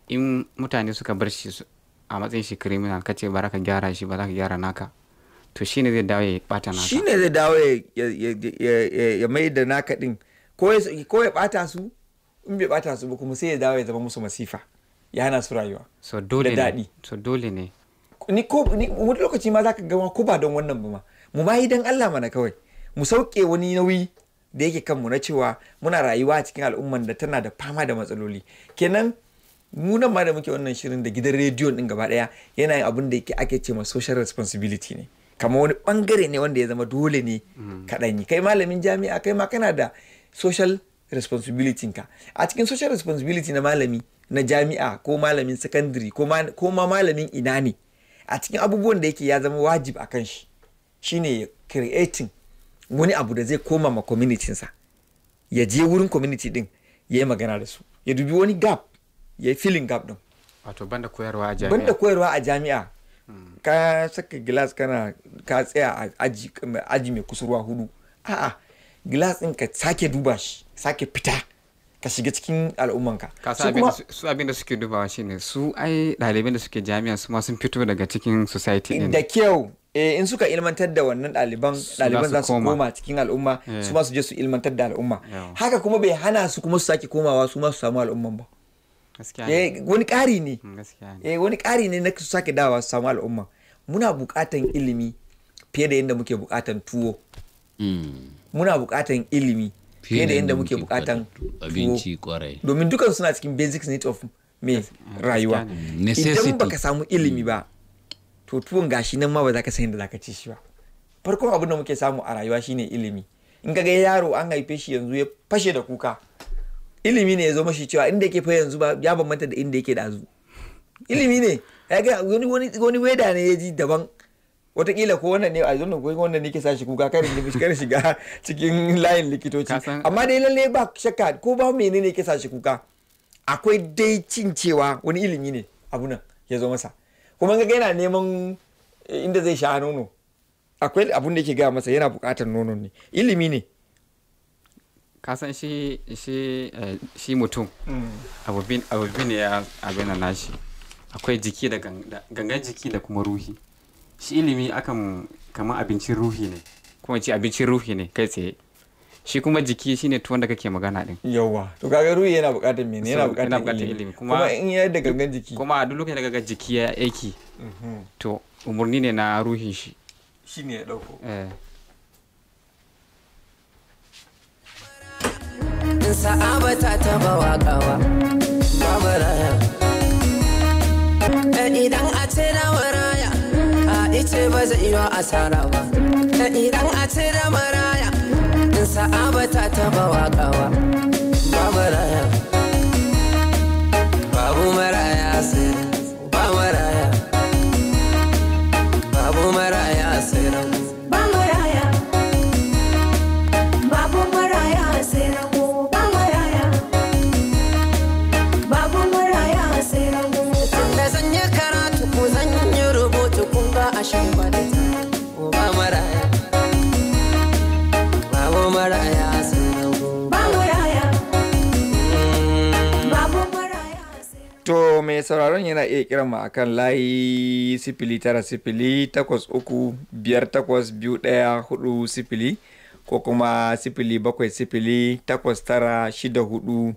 in mutane suka bar shi a matsayin shi criminal kace ba ka gyara shi ba za ka gyara naka to shine zai dawo ya bata naka shine zai dawo ya mai da naka din ko ya bata su in bai bata su ba kuma sai ya dawo ya zama musu masifa ya hana su rayuwa so dole ne so dole ne ni ko wani lokaci ma zaka ga ko ba don wannan ba ma mu ma yi dan Allah mana kawai mu sauke wani nauyi da yake kanmu na cewa muna rayuwa a cikin al'umman da tana da fama da matsaloli kenan mu nan ma da muke wannan shirin da gidan rediyon din gaba daya yana yin abin da yake ake ce ma social responsibility ne kamar wani bangare ne wanda ya zama dole ne mm. kaɗan yi kai malamin jami'a kai ma kana da social responsibility ka a cikin social responsibility na malami na jami'a ko malamin secondary ko ma malamin ina ne a cikin abubuwan da yake ya zama wajib a kan shi shine creating wani abu da zai koma ma community sa ya je wurin community din ya yi magana da su ya dubi wani gap ya yi feeling gap din wato banda koyarwa a jami'a banda koyarwa a jami'a ka saka glass kana ka tsaya a aji, mai kusurwa hudu a'a glass din ka sake duba shi sake fita ka shiga cikin al'ummanka su abin da suke dubawa shine su ai ɗaliban da suke jami'a su ma sun fito daga cikin society din da kyau eh in suka ilmantar da wannan ɗaliban ɗaliban za su koma cikin al'umma eh. su ma su je su ilmantar da al'umma haka kuma bai hana su kuma su sake komawa su ma su samu al'umman ba eh, wani ƙari ne mm, eh, wani ƙari ne na su sake dawa su samu al'umma muna buƙatan ilimi fiye da yadda muke buƙatan tuwo mm. muna buƙatan ilimi fiye da yadda muke bukatan abinci kwarai domin dukan suna cikin basic need of me mm, rayuwa idan baka samu ilimi ba to tuwon gashi nan ma ba za ka san yadda za ka ci shi ba farko abin da muke samu a rayuwa shine ilimi in ka ga yaro an haife shi yanzu ya fashe da kuka ilimi ne ya zo mashi cewa inda yake fa yanzu ba ya bambanta da inda yake dazu ilimi ne ya ga wani wani weda ne ya ji daban wataƙila ko wannan ne a zonan ko wannan ne ke sa shi kuka kar kar shiga cikin layin likitoci amma dai lalle ba shakka ko ba menene ke sa shi kuka akwai dai cin cewa wani ilimi ne abu nan ya zo masa kuma ga yana neman eh, inda zai sha nono akwai abun da yake gaya masa yana buƙatar nono ne ilimi ne san shi shi eh, shi mutum mm. abu bin ya abin nashi akwai jiki da gangan jiki da kuma ruhi shi ilimi akan kama abincin ruhi ne kuma ce abincin ruhi ne kai tsaye shi kuma jiki shine tuwon da kake magana din yawa to kaga ruhi yana bukatar mene yana bukatar ilimi kuma in yi da gangan jiki kuma a duk lokacin da kaga jiki ya aiki mhm. to umurni ne na ruhin shi shine ya dauko eh. in sa'aba ta taba wakawa babaraya eh, idan a ce na waraya ice ba zai yi asara ba ta idan a ce da maraya in ba ta taba wakawa ba maraya babu maraya To mai sauraron yana iya kiran mu akan layi sifili tara sifili takwas uku biyar takwas biyu ɗaya hudu sifili ko kuma sifili bakwai sifili takwas tara shida hudu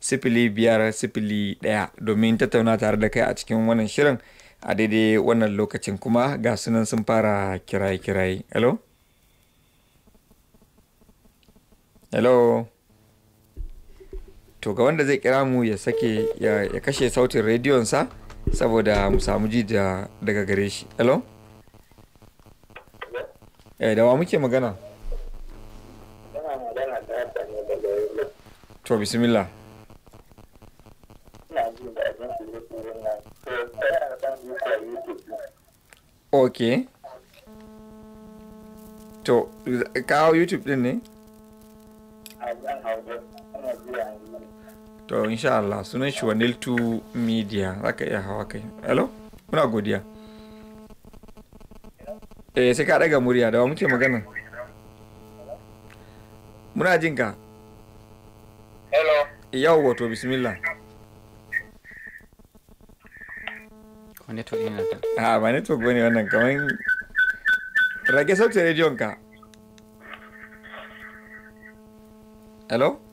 sifili biyar sifili ɗaya domin tattauna tare da kai a cikin wannan shirin a daidai wannan lokacin kuma ga sunan sun fara kiraye-kiraye. Hello? Hello? to ga wanda zai kira mu ya sake ya kashe sautin rediyonsa saboda mu samu ji daga gare shi hello eh da wa muke magana to bismillah ok to kawo youtube din ne to insha Allah sunan shi to media za ka iya hawa kai hello muna godiya eh sai ka daga murya da wa muke magana muna jin ka hello yau wato bismillah ko network ne nan a ah, ba network bane wannan kamar rage sautin rediyon ka hello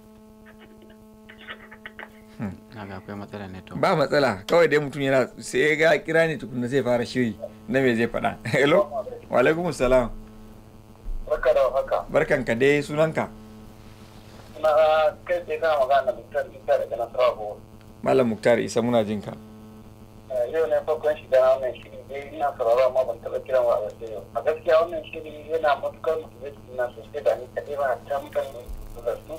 akwai matsala ne to ba matsala kawai dai mutum yana sai ga kira ne tukunna zai fara shiri na me zai faɗa hello wa alaikum salam barka da haka barkan ka dai sunanka na kai sai na magana muktar isa daga nasarawa malam muktar isa muna jin ka eh, yau ne farkon shiga wannan shiri dai ina saurara ma ban taɓa kiran wa a gaskiya wannan shiri yana matukar mutum na sosai da ni kaɗai ba a mutane da su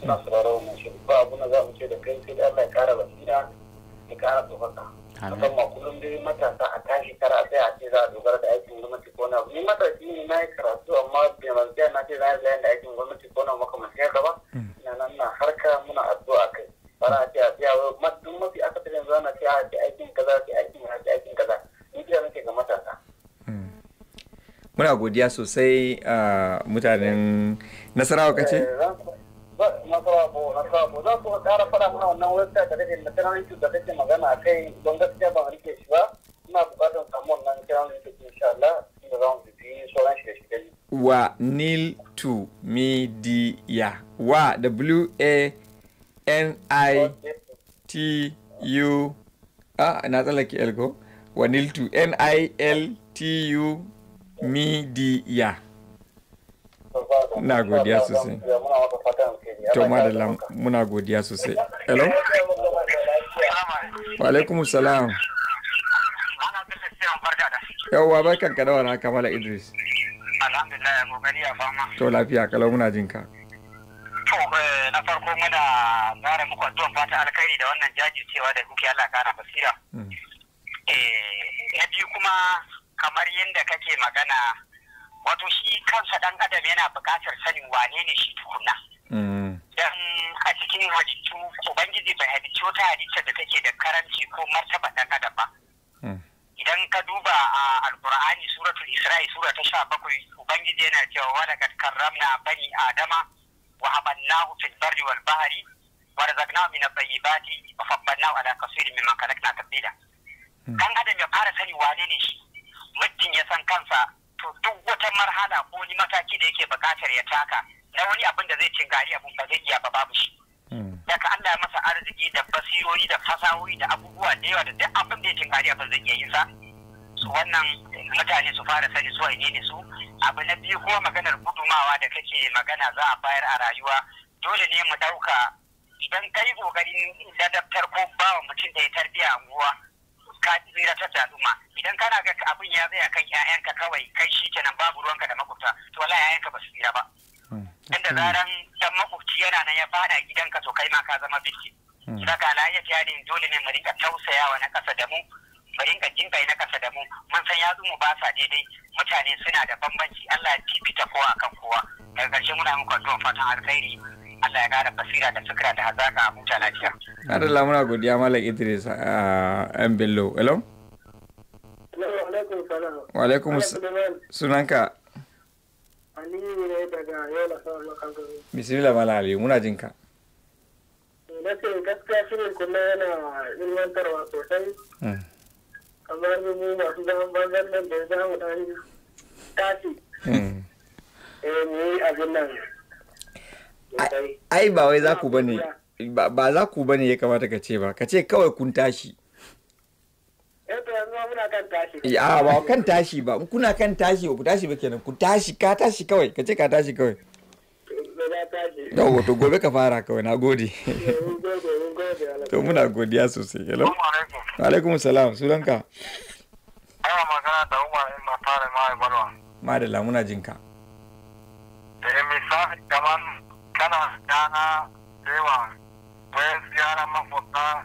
suna sauraron wannan shirin ba abuna za mu ce da kai sai da Allah ya kara basira ya kara tsofaka musamman kullum dai matasa a tashi kara a a ce za a dogara da aikin gwamnati ko na ni matashi ne na yi karatu amma bai manzaya na ce za a yi da aikin gwamnati ko na makamancin haka ba hmm. ina nan na harka muna addu'a kai bara a ce a tsaya wai duk mafi aka tafi yanzu ana ce a ce aikin kaza a ce aikin kaza a ce aikin kaza ni kira nake ga matasa. Hmm. Muna godiya sosai ah, mutanen Nasarawa kace? Eh, sabo na sabo za ku ƙara mana wannan website da kake na kiran YouTube da kake magana kai don gaskiya ban rike shi ba ina buƙatar samu wannan kiran YouTube insha Allah da za mu bi sauran Wa Nil to Media wa W A N I T U ah na tsallake wa Nil to N I L T U Media. Na godiya sosai. to da muna godiya sosai hello wa salam yawwa barkan ka dawa na Mala idris alhamdulillah ya kokari ya fama to lafiya kalau muna jin ka to eh, na farko muna gara muku addu'an fata alkhairi da wannan jajircewa da kuke Allah kana basira hmm. eh biyu kuma kamar yadda kake magana wato shi kansa dan adam yana buƙatar sanin wane ne shi tukunna Mm. dan a cikin halittu ubangiji bai halicci wata halitta da take da karanci ko martaba dan adam ba mm. idan ka duba a alkur'ani suratul isra'i sura ta sha bakwai ubangiji yana cewa wa laqad karramna bani adama wa habannahu fil barri wal bahri wa razaqnahu min at-tayyibati wa faddalnahu ala kaseerin mimman khalaqna tabdila mm. dan adam ya fara sani wane ne shi mutum ya san kansa to duk wata marhala ko ni mataki da yake bukatar ya taka na wani abin da zai gari abin ba zai iya ba babu shi hmm. daga Allah ya masa arziki da basirori da fasahohi da abubuwa da yawa da duk abin da ya gari abin zai iya yin sa su wannan mutane su fara sani su aine ne su abu na biyu kuma maganar gudumawa da kake magana za a bayar a rayuwa dole ne mu dauka idan kai kokarin ladabtar ko bawa mutum da ya tarbiya anguwa ka tsira ta al'umma idan kana ga abin ya tsaya kan 'ya'yanka kawai kai shi kenan babu ruwanka da makwabta to wallahi 'ya'yanka ba su tsira ba inda hmm. zaran dan makwabci yana nan ya fada ka to kai ma ka zama biki hmm. saka la ya jani dole ne mu rinka tausayawa na kasa da mu mu rinka jinkai na kasa da mu mun san yatsu mu ba sa daidai mutane suna da bambanci Allah ya tibita kowa kan kowa daga ƙarshe muna muku addu'a fatan alkhairi Allah ya kara basira da fikira da hazaka a huta lafiya. da lamuna godiya Malam Idris a yan Bello. Hello? Wa alaikum salam. Wa alaikum sunanka. Aliyu ne daga Yola Sauran Local Bismillah Mala Aliyu, muna jin ka. Na ce gaskiya shirin kuma yana ilmantarwa sosai. Kamar mu masu zaman bangar nan da ya mu ɗan tashi. Hmm. Eh, mu yi abin nan. Ai, ba wai za ku bane. Ba za ku bane ya kamata ka ce ba, ka ce kawai kun tashi. Eto eh, muna kan tashi. Ya ba kan tashi ba, kuna kan tashi ba ku tashi ba kenan, ku tashi ka tashi kawai, ka ce ka tashi kawai. to gobe ka fara kawai, na gode. Eh, to muna godiya sosai. Hello. Wa alaikum salam, sunanka. Ana magana da Umar ma jinka. Da misali kaman kana dana cewa bayan ziyara mafuta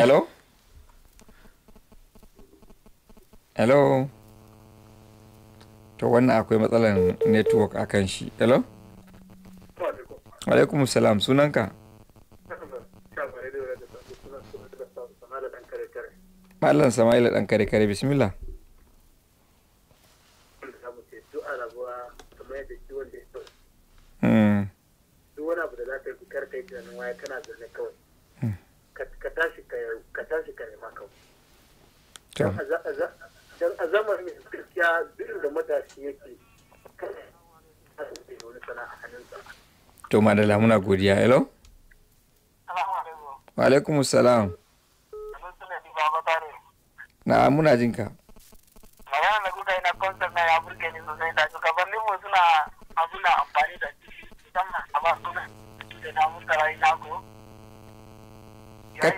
Hello? Hello? To wannan akwai matsalar network a kan shi. Hello? Alaikum salam sunanka? Malam Sama'ila ɗan kare kare bismillah. Hmm. Duk wani abu da za ka yi kar yi tunanin waya kana zaune kawai. ka tashi ka tashi ka nema kawai dan a zamanin gaskiya duk da matashi yake wani sana'a hannunsa to madalla muna godiya hello wa alaikum salam na muna jin ka magana da kuka yi na concert na ya burge ni sosai da Ban mu suna abuna amfani da musamman a ba suna da namun tarai nako ya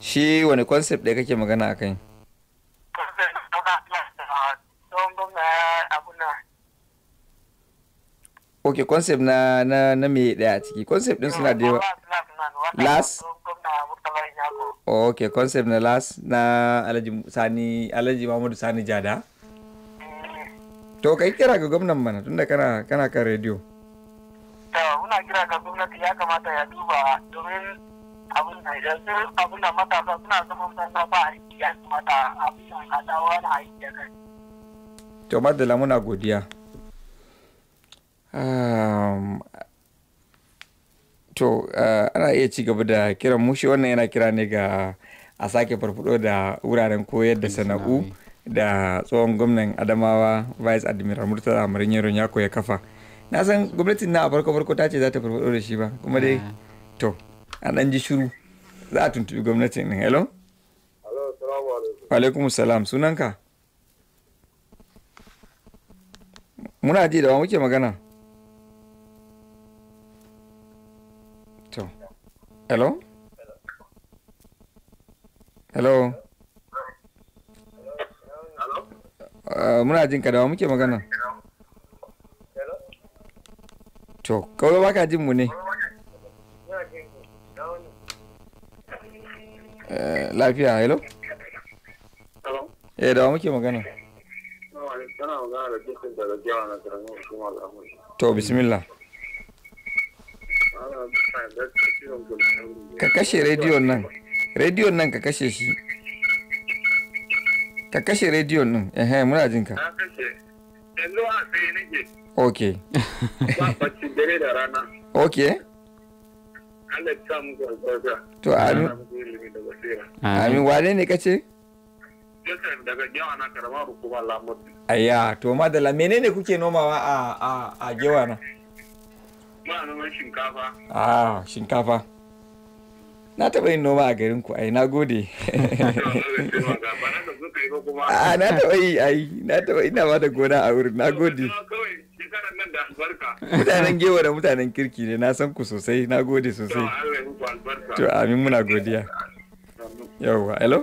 shi wani concept da kake magana a kai ok concept na na na me daya ciki concept din suna da yawa las ok concept na las na alhaji sani alhaji mahmudu sani jada to kai kira ga gwamnan mana tunda kana kana kan rediyo Ta muna kira ga gwamnati ya kamata ya duba domin abin da yanzu abin da matasa suna zaman banza ba aiki ya kamata abin da a dawo wani aiki kai to madala muna godiya to ana iya ci gaba da kiran mushi wannan yana kira ne ga a sake farfudo da wuraren koyar da sana'u da tsohon gwamnan adamawa vice admiral murtala marinero yako ya kafa na san gwamnatin na a farko farko ta ce za ta farfado da shi ba kuma dai ah. to an dan ji shiru za a tuntubi gwamnatin din hello alaikum salam sunanka muna ji da wa muke magana to hello hello Eh, muna jin ka dawa muke magana to kawai baka jin mu ne eh, lafiya hello eh dawa muke magana to bismillah ka kashe rediyon nan rediyon nan ka kashe shi ka kashe rediyon nan eh muna jin ka kashe. yanzu a sai nake okay ba bacci dare da rana okay Allah ya samu gwargwarza to amin amin wane ne kace Joseph daga Gewa na karamar hukumar Lamurdi. Aya, to madala menene kuke nomawa a a a Gewa na? Ma noman shinkafa. Ah, shinkafa. na taɓa yin noma a garin ku ai na gode a na taɓa yi ai na taɓa ina ba da gona a wurin na gode mutanen gewa da mutanen kirki ne na san ku sosai na gode sosai to amin muna godiya yawwa hello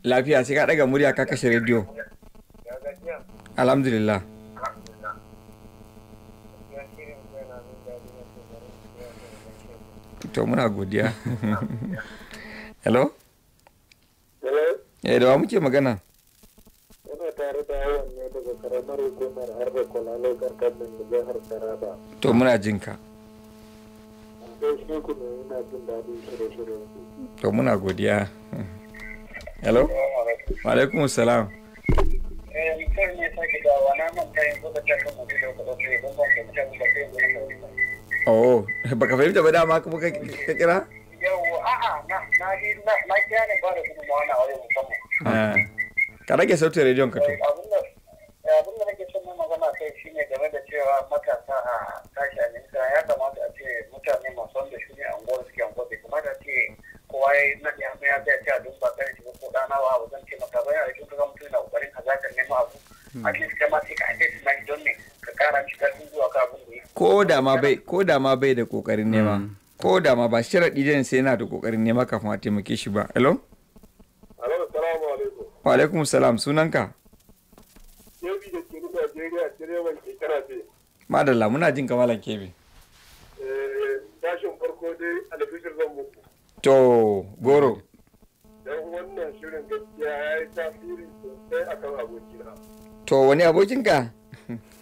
lafiya sai ka daga murya ka kashe rediyo alhamdulillah to muna godiya hello eh da muke magana tare da yawan ne daga karamar hukumar har da kwalalo da jihar taraba to muna jinka to muna godiya hello wa alaikum salam eh kan ne sake da na manta da kan da da oh baka fahimta ba ma kuma ka kira yau a'a na na na na na ba da kuma wani na na musamman na na sautin rediyon ka to abin da son magana kai shine game da cewa matasa a tashi a nisa ya kamata a ce mutane masu wanda shi ne anguwar suke ce kowa ya na ya mai ya ce a duk ba ko dana ba wajen taimaka ba yana da kyau mutum na kokarin hazaƙar neman abu a ce ma sai ka na karfi zuwa kafin da ko da ma bai ko da ma bai da kokarin nema hmm. ko da ma ba sharadi dan sai yana da kokarin nema kafin a taimake shi ba hello hello assalamu alaikum wa alaikum assalam sunanka kebi da ke rubuta Najeriya direban kekara ce madalla muna jin kamalan kebi eh, tashin farko dai alfishir zan muku to goro dan wannan shirin gaskiya ya yi tasiri sosai akan abokina to wani abokinka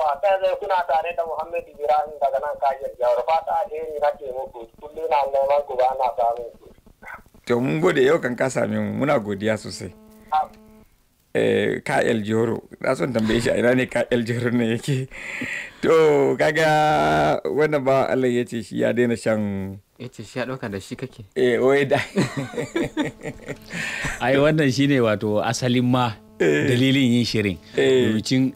yawa kai zai kuna tare da muhammad ibrahim daga nan kajin jawar fata alheri na ke muku kullum na neman ku ba na samun ku to mun gode yau kan ka same mu muna godiya sosai eh, ka el joro na son tambaye shi a ina ne ka el joro ne yake to kaga wannan ba Allah ya ce shi ya daina shan ya ce shi ya ɗauka da shi kake eh oye da ai wannan shine wato asalin ma eh. dalilin yin shirin eh. domin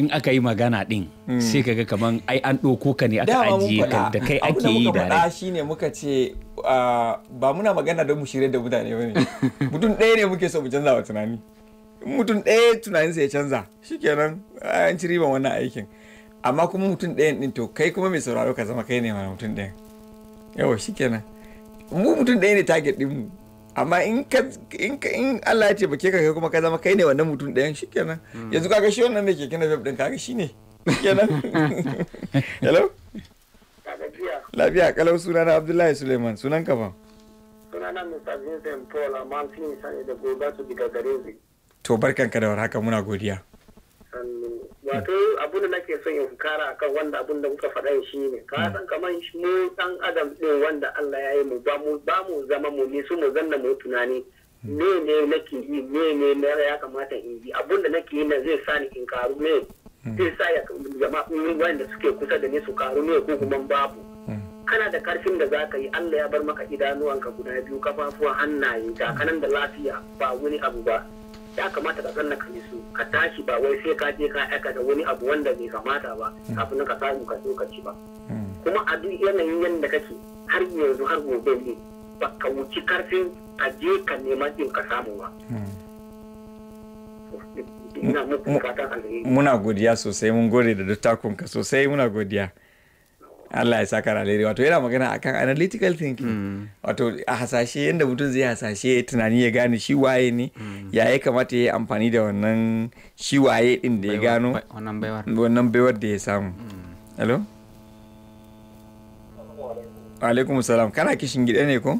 in aka yi magana din hmm. sai kaga kaman ai an ɗauko ka ne aka ajiye ka da kai ake yi da rai shine muka ce ah, ba muna magana don mu shirye da mutane ba ne mutum ɗaya ne muke so mu canza wa tunani mutum ɗaya tunaninsa ya canza shikenan an ci riban wannan aikin amma kuma mutum ɗaya din to kai kuma mai sauraro ka zama kai ne ma mutum ɗaya. yawa shikenan mu mutum ɗaya ne target din mu amma in ka in ka in Allah ya ce ba ke ka kai kuma ka zama kai ne wannan mutum ɗayan shikenan hmm. yanzu kaga shi wannan ne keke na beb din kaga shi ne kenan hello lafiya kalau suna na Abdullahi Suleiman sunan ka fa suna na Mr. Vincent Paul amma fi sani da gobe su daga gare to barkanka da warhaka muna godiya wato abin da nake son in kara akan wanda abin da muka faɗa shi ne ka hmm. san kamar mu ɗan adam ɗin wanda Allah ya yi mu ba mu ba mu zama mu ne su mu zanna mu tunani hmm. me ne nake yi me ne na ya kamata in yi abin da nake yi na zai sa ni in karu ne hmm. zai sa ya jama'a wanda suke kusa da ni su karu ne ko kuma babu kana da karfin da za ka yi Allah ya bar maka idanuwanka guda biyu kafafuwa hannaye kanan da lafiya ba wani abu ba ya kamata ka zanna ka su ka tashi ba wai sai ka je ka aikata wani abu wanda bai kamata ba kafin ka samu ka so ka ci ba kuma a duk yanayin yadda kake har yanzu har gobe ne ba ka wuci karfin ka je ka nema din ka samu ba muna godiya sosai mun gode da dattakunka sosai muna godiya Allah ya saka alheri wato yana magana akan analytical thinking mm. wato a hasashe yadda mutum zai hasashe tunani ya gane shi waye ne mm. ya ya kamata ya yi amfani da wannan shi waye din da ya gano wannan baiwar da ya samu mm. hello alaikum salam kana kishin gida ne ko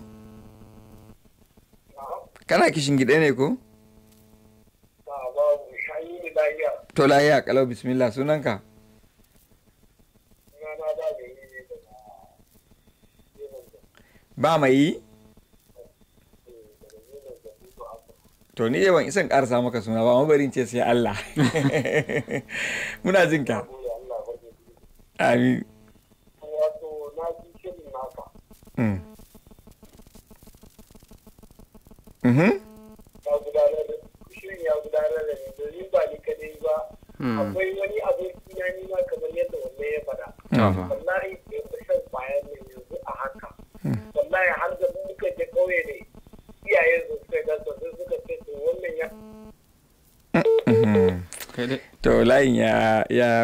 kana kishin gida ne ko to lahiya kalau bismillah sunanka ba mai yi to ni ban isan karasa maka suna ba mabarin ce sai Allah muna jinka amin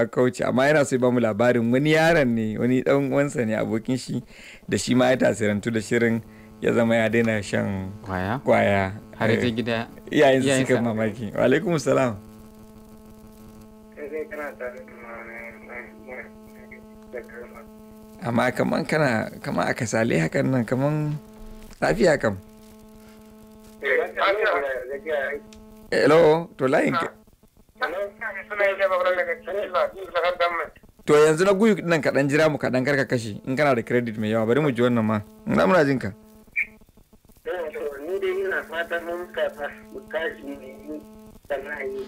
kauce amma yana so ya mu labarin wani yaron ne wani dan uwansa ne abokin shi da shi ma ya tasirantu da shirin ya zama ya daina shan kwaya har ya eh. gida iyayen su suka mamaki wa alaikum salam amma kaman kana kama aka sale hakan nan kaman lafiya kam eh, hello to layin to yanzu na guyu nan kaɗan jira mu kaɗan karka kashi in kana da credit mai yawa bari mu ji wannan ma na muna jin ka ni dai ina fatan mun mu sannan yi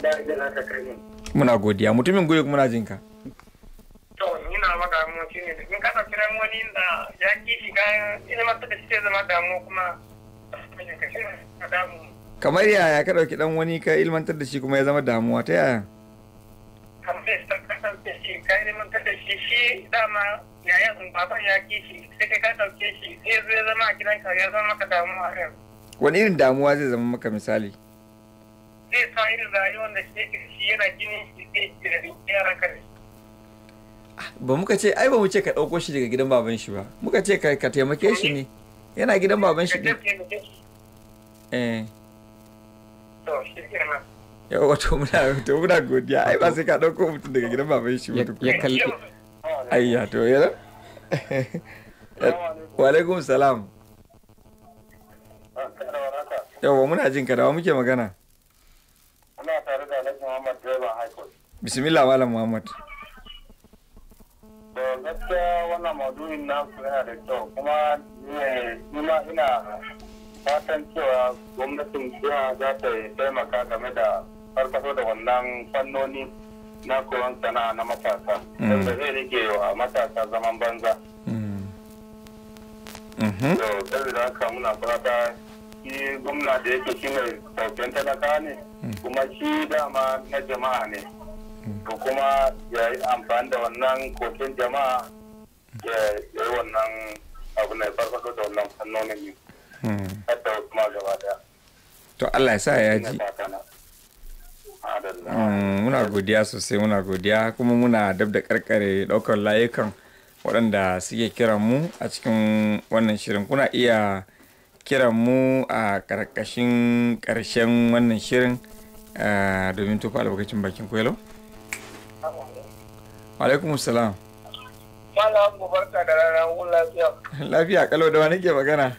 ta muna godiya mutumin guyu muna jin ka to maka mu in ka tafi wani da ya kishi kayan ina zama damu kamar yaya ka ɗauki ɗan wani ka ilmantar da shi kuma ya zama damuwa ta yaya ka ilmantar da shi a a wani irin damuwa zai zama maka misali ah, ba muka ce ai ba mu ce ka ɗauko shi daga gidan baban shi ba muka ce ka taimake shi ne yana gidan baban shi ne eh ya to muna to muna godiya ai ba sai ka dauko mutum daga gidan baban shi mutum ya kalli ah, ayya to ya wa alaikum salam yawa muna jin ka dawa muke magana muna tare da alhaji muhammad direban haikot bismillah malam muhammad to gaskiya wannan maudu'in nasu yana da kyau kuma ni ma ina fatan cewa gwamnatin jiha za ta taimaka game da farfaso da wannan fannoni na koyon sana'a na matasa mm. da zai rage wa matasa zaman banza Yau mm. mm-hmm. saboda haka muna fata shi gwamna da yake shi mai sauƙin talaka ne mm. kuma shi dama na jama'a ne ko kuma ya yi amfani da wannan kokin jama'a ya yi wannan abu na farfaso da wannan fannonin to Allah ya sa ya ji mm, muna godiya sosai muna godiya kuma muna dab da karkare daukar layukan waɗanda suke kiran mu a cikin wannan shirin kuna iya kiran mu a ƙarƙashin ƙarshen wannan shirin eh, domin tufa albarkacin bakin kwelo? alaikum salam malam barka da rana lafiya lafiya kalau da wani ke magana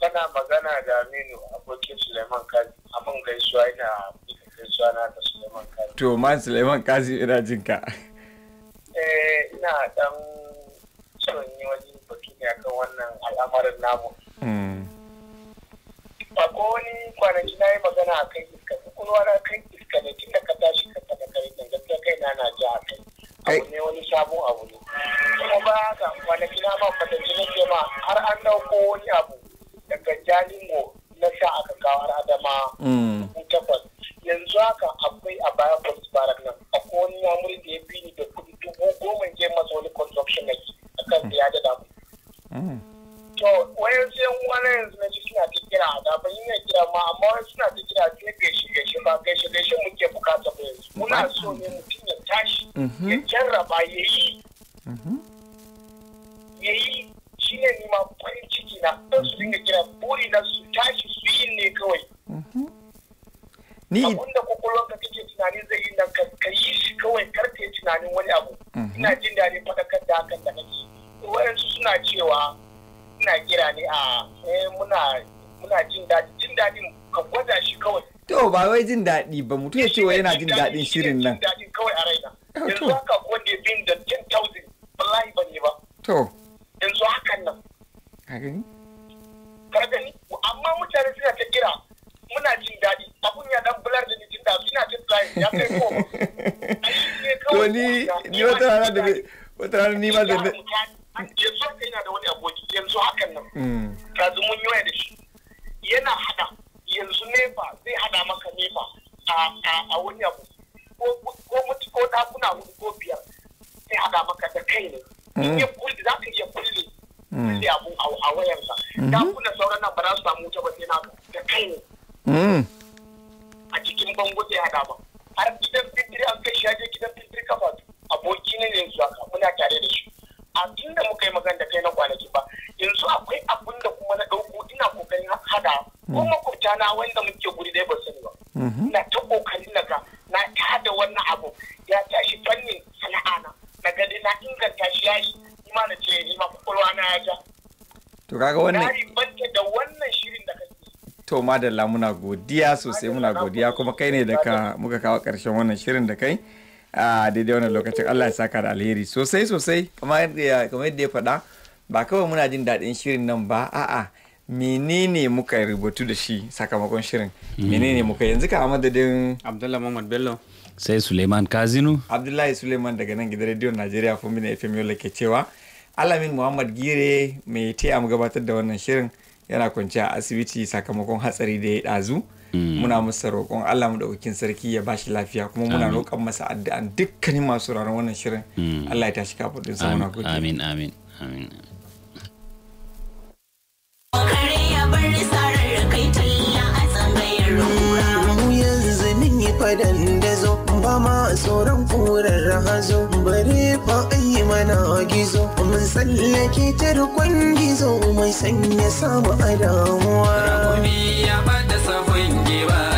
kana magana da Aminu abokin Suleiman Kazi abin gaisuwa ina gaisuwa na da Suleiman Kazi to man Suleiman Kazi ina jin ka eh ina dan son yi wani batu ne akan wannan al'amarin namu ba hmm. ko wani kwanaki na yi magana a kan iska kuma na kan iska ne tun da ka tashi ka taɓa kai nan gaskiya kai na na ji a kai abu ne wani sabon abu ne kuma ba haka kwanaki na ma fatanci na ke ma har an dauko wani abu daga na sha aka kawo adama mm. dubu takwas yanzu haka akwai a baya police Barak nan akwai wani yamurin da ya bini da kudi dubu goma je masa wani construction na ki a kan da ya da damu mm. to wayan su yan wani yanzu na ci suna ta kira a ban yi kira ma amma wani suna ta kira sai gaishe gaishe ba gaishe gaishe muke bukata ba yanzu muna so ne mutum ya tashi ya mhm. jarraba ya yi mhm. ya yi shi ne nima farin aiki na don su dinga kira buri na su tashi su yi ne kawai mhm. ni abinda kokolon ka kake tunanin zai yi nan ka yi shi kawai karfe tunanin wani abu mhm. ina jin daɗin faɗakar da hakan da kake waɗansu suna cewa ina kira ne a eh, muna muna jin daɗi jin daɗin ka gwada shi kawai to ba wai jin daɗi ba mutum ya ce wa yana jin daɗin shirin nan jin daɗin kawai a raina yanzu haka wanda ya bin da 10,000 wallahi ban yi ba to yanzu hakan nan ka gani amma mutane suna ta kira muna jin daɗi abun ya dan bular da jikin da suna jin flying ya kai kowa to ni ni wata rana da wata rana ni ma da yanzu haka yana da wani aboki yanzu hakan nan mm. yanzu mun yi da shi yana hada yanzu nefa zai hada maka nefa a wani abu ko mutu ko dakuna hudu ko biyar sai hada maka da kai ne in mm. ya kulle za ka iya kulle Mm. sai a wayansa mm-hmm. da kuna sauran nan ba za su samu wuta ba sai na da kai ne mm. a cikin bango sai hada ba har gidan fitiri an kai shaje gidan fitiri kafa aboki ne ne yanzu haka muna tare da shi a da muka yi magana da kai na kwanaki ba yanzu akwai abin da kuma na ɗauko ina kokarin hada ko mm. makwabta na wanda muke guri dai ba sani ba mm-hmm. ina kaga wannan da lamuna to godiya sosai muna godiya kuma kai ne da ka muka kawo karshen wannan shirin da kai a daidai wannan lokacin Allah ya saka da alheri sosai sosai kamar yadda ya faɗa ba kawai muna jin daɗin shirin nan ba a'a menene muka rubutu da shi sakamakon shirin menene muka yanzu ka madadin Abdullahi Muhammad Bello sai Suleiman Kazinu Abdullahi Suleiman daga nan gidan rediyon Najeriya Fumina FM Yola ke cewa alamin muhammad gire mai taya mu gabatar da wannan shirin yana kwanciya a asibiti sakamakon hatsari da ya ɗazu mm. muna masa roƙon allah maɗaukakin sarki ya ba shi lafiya kuma muna roƙon masa addu'an dukkanin masu ranar wannan shirin mm. allah ya tashi kafin sa muna gode amin amin amin ba ma tsoron kurar hazo mana gizo mun tsallake ta rukun gizo mai sanya samu a damuwa. Rakumi ya bada sabon giba.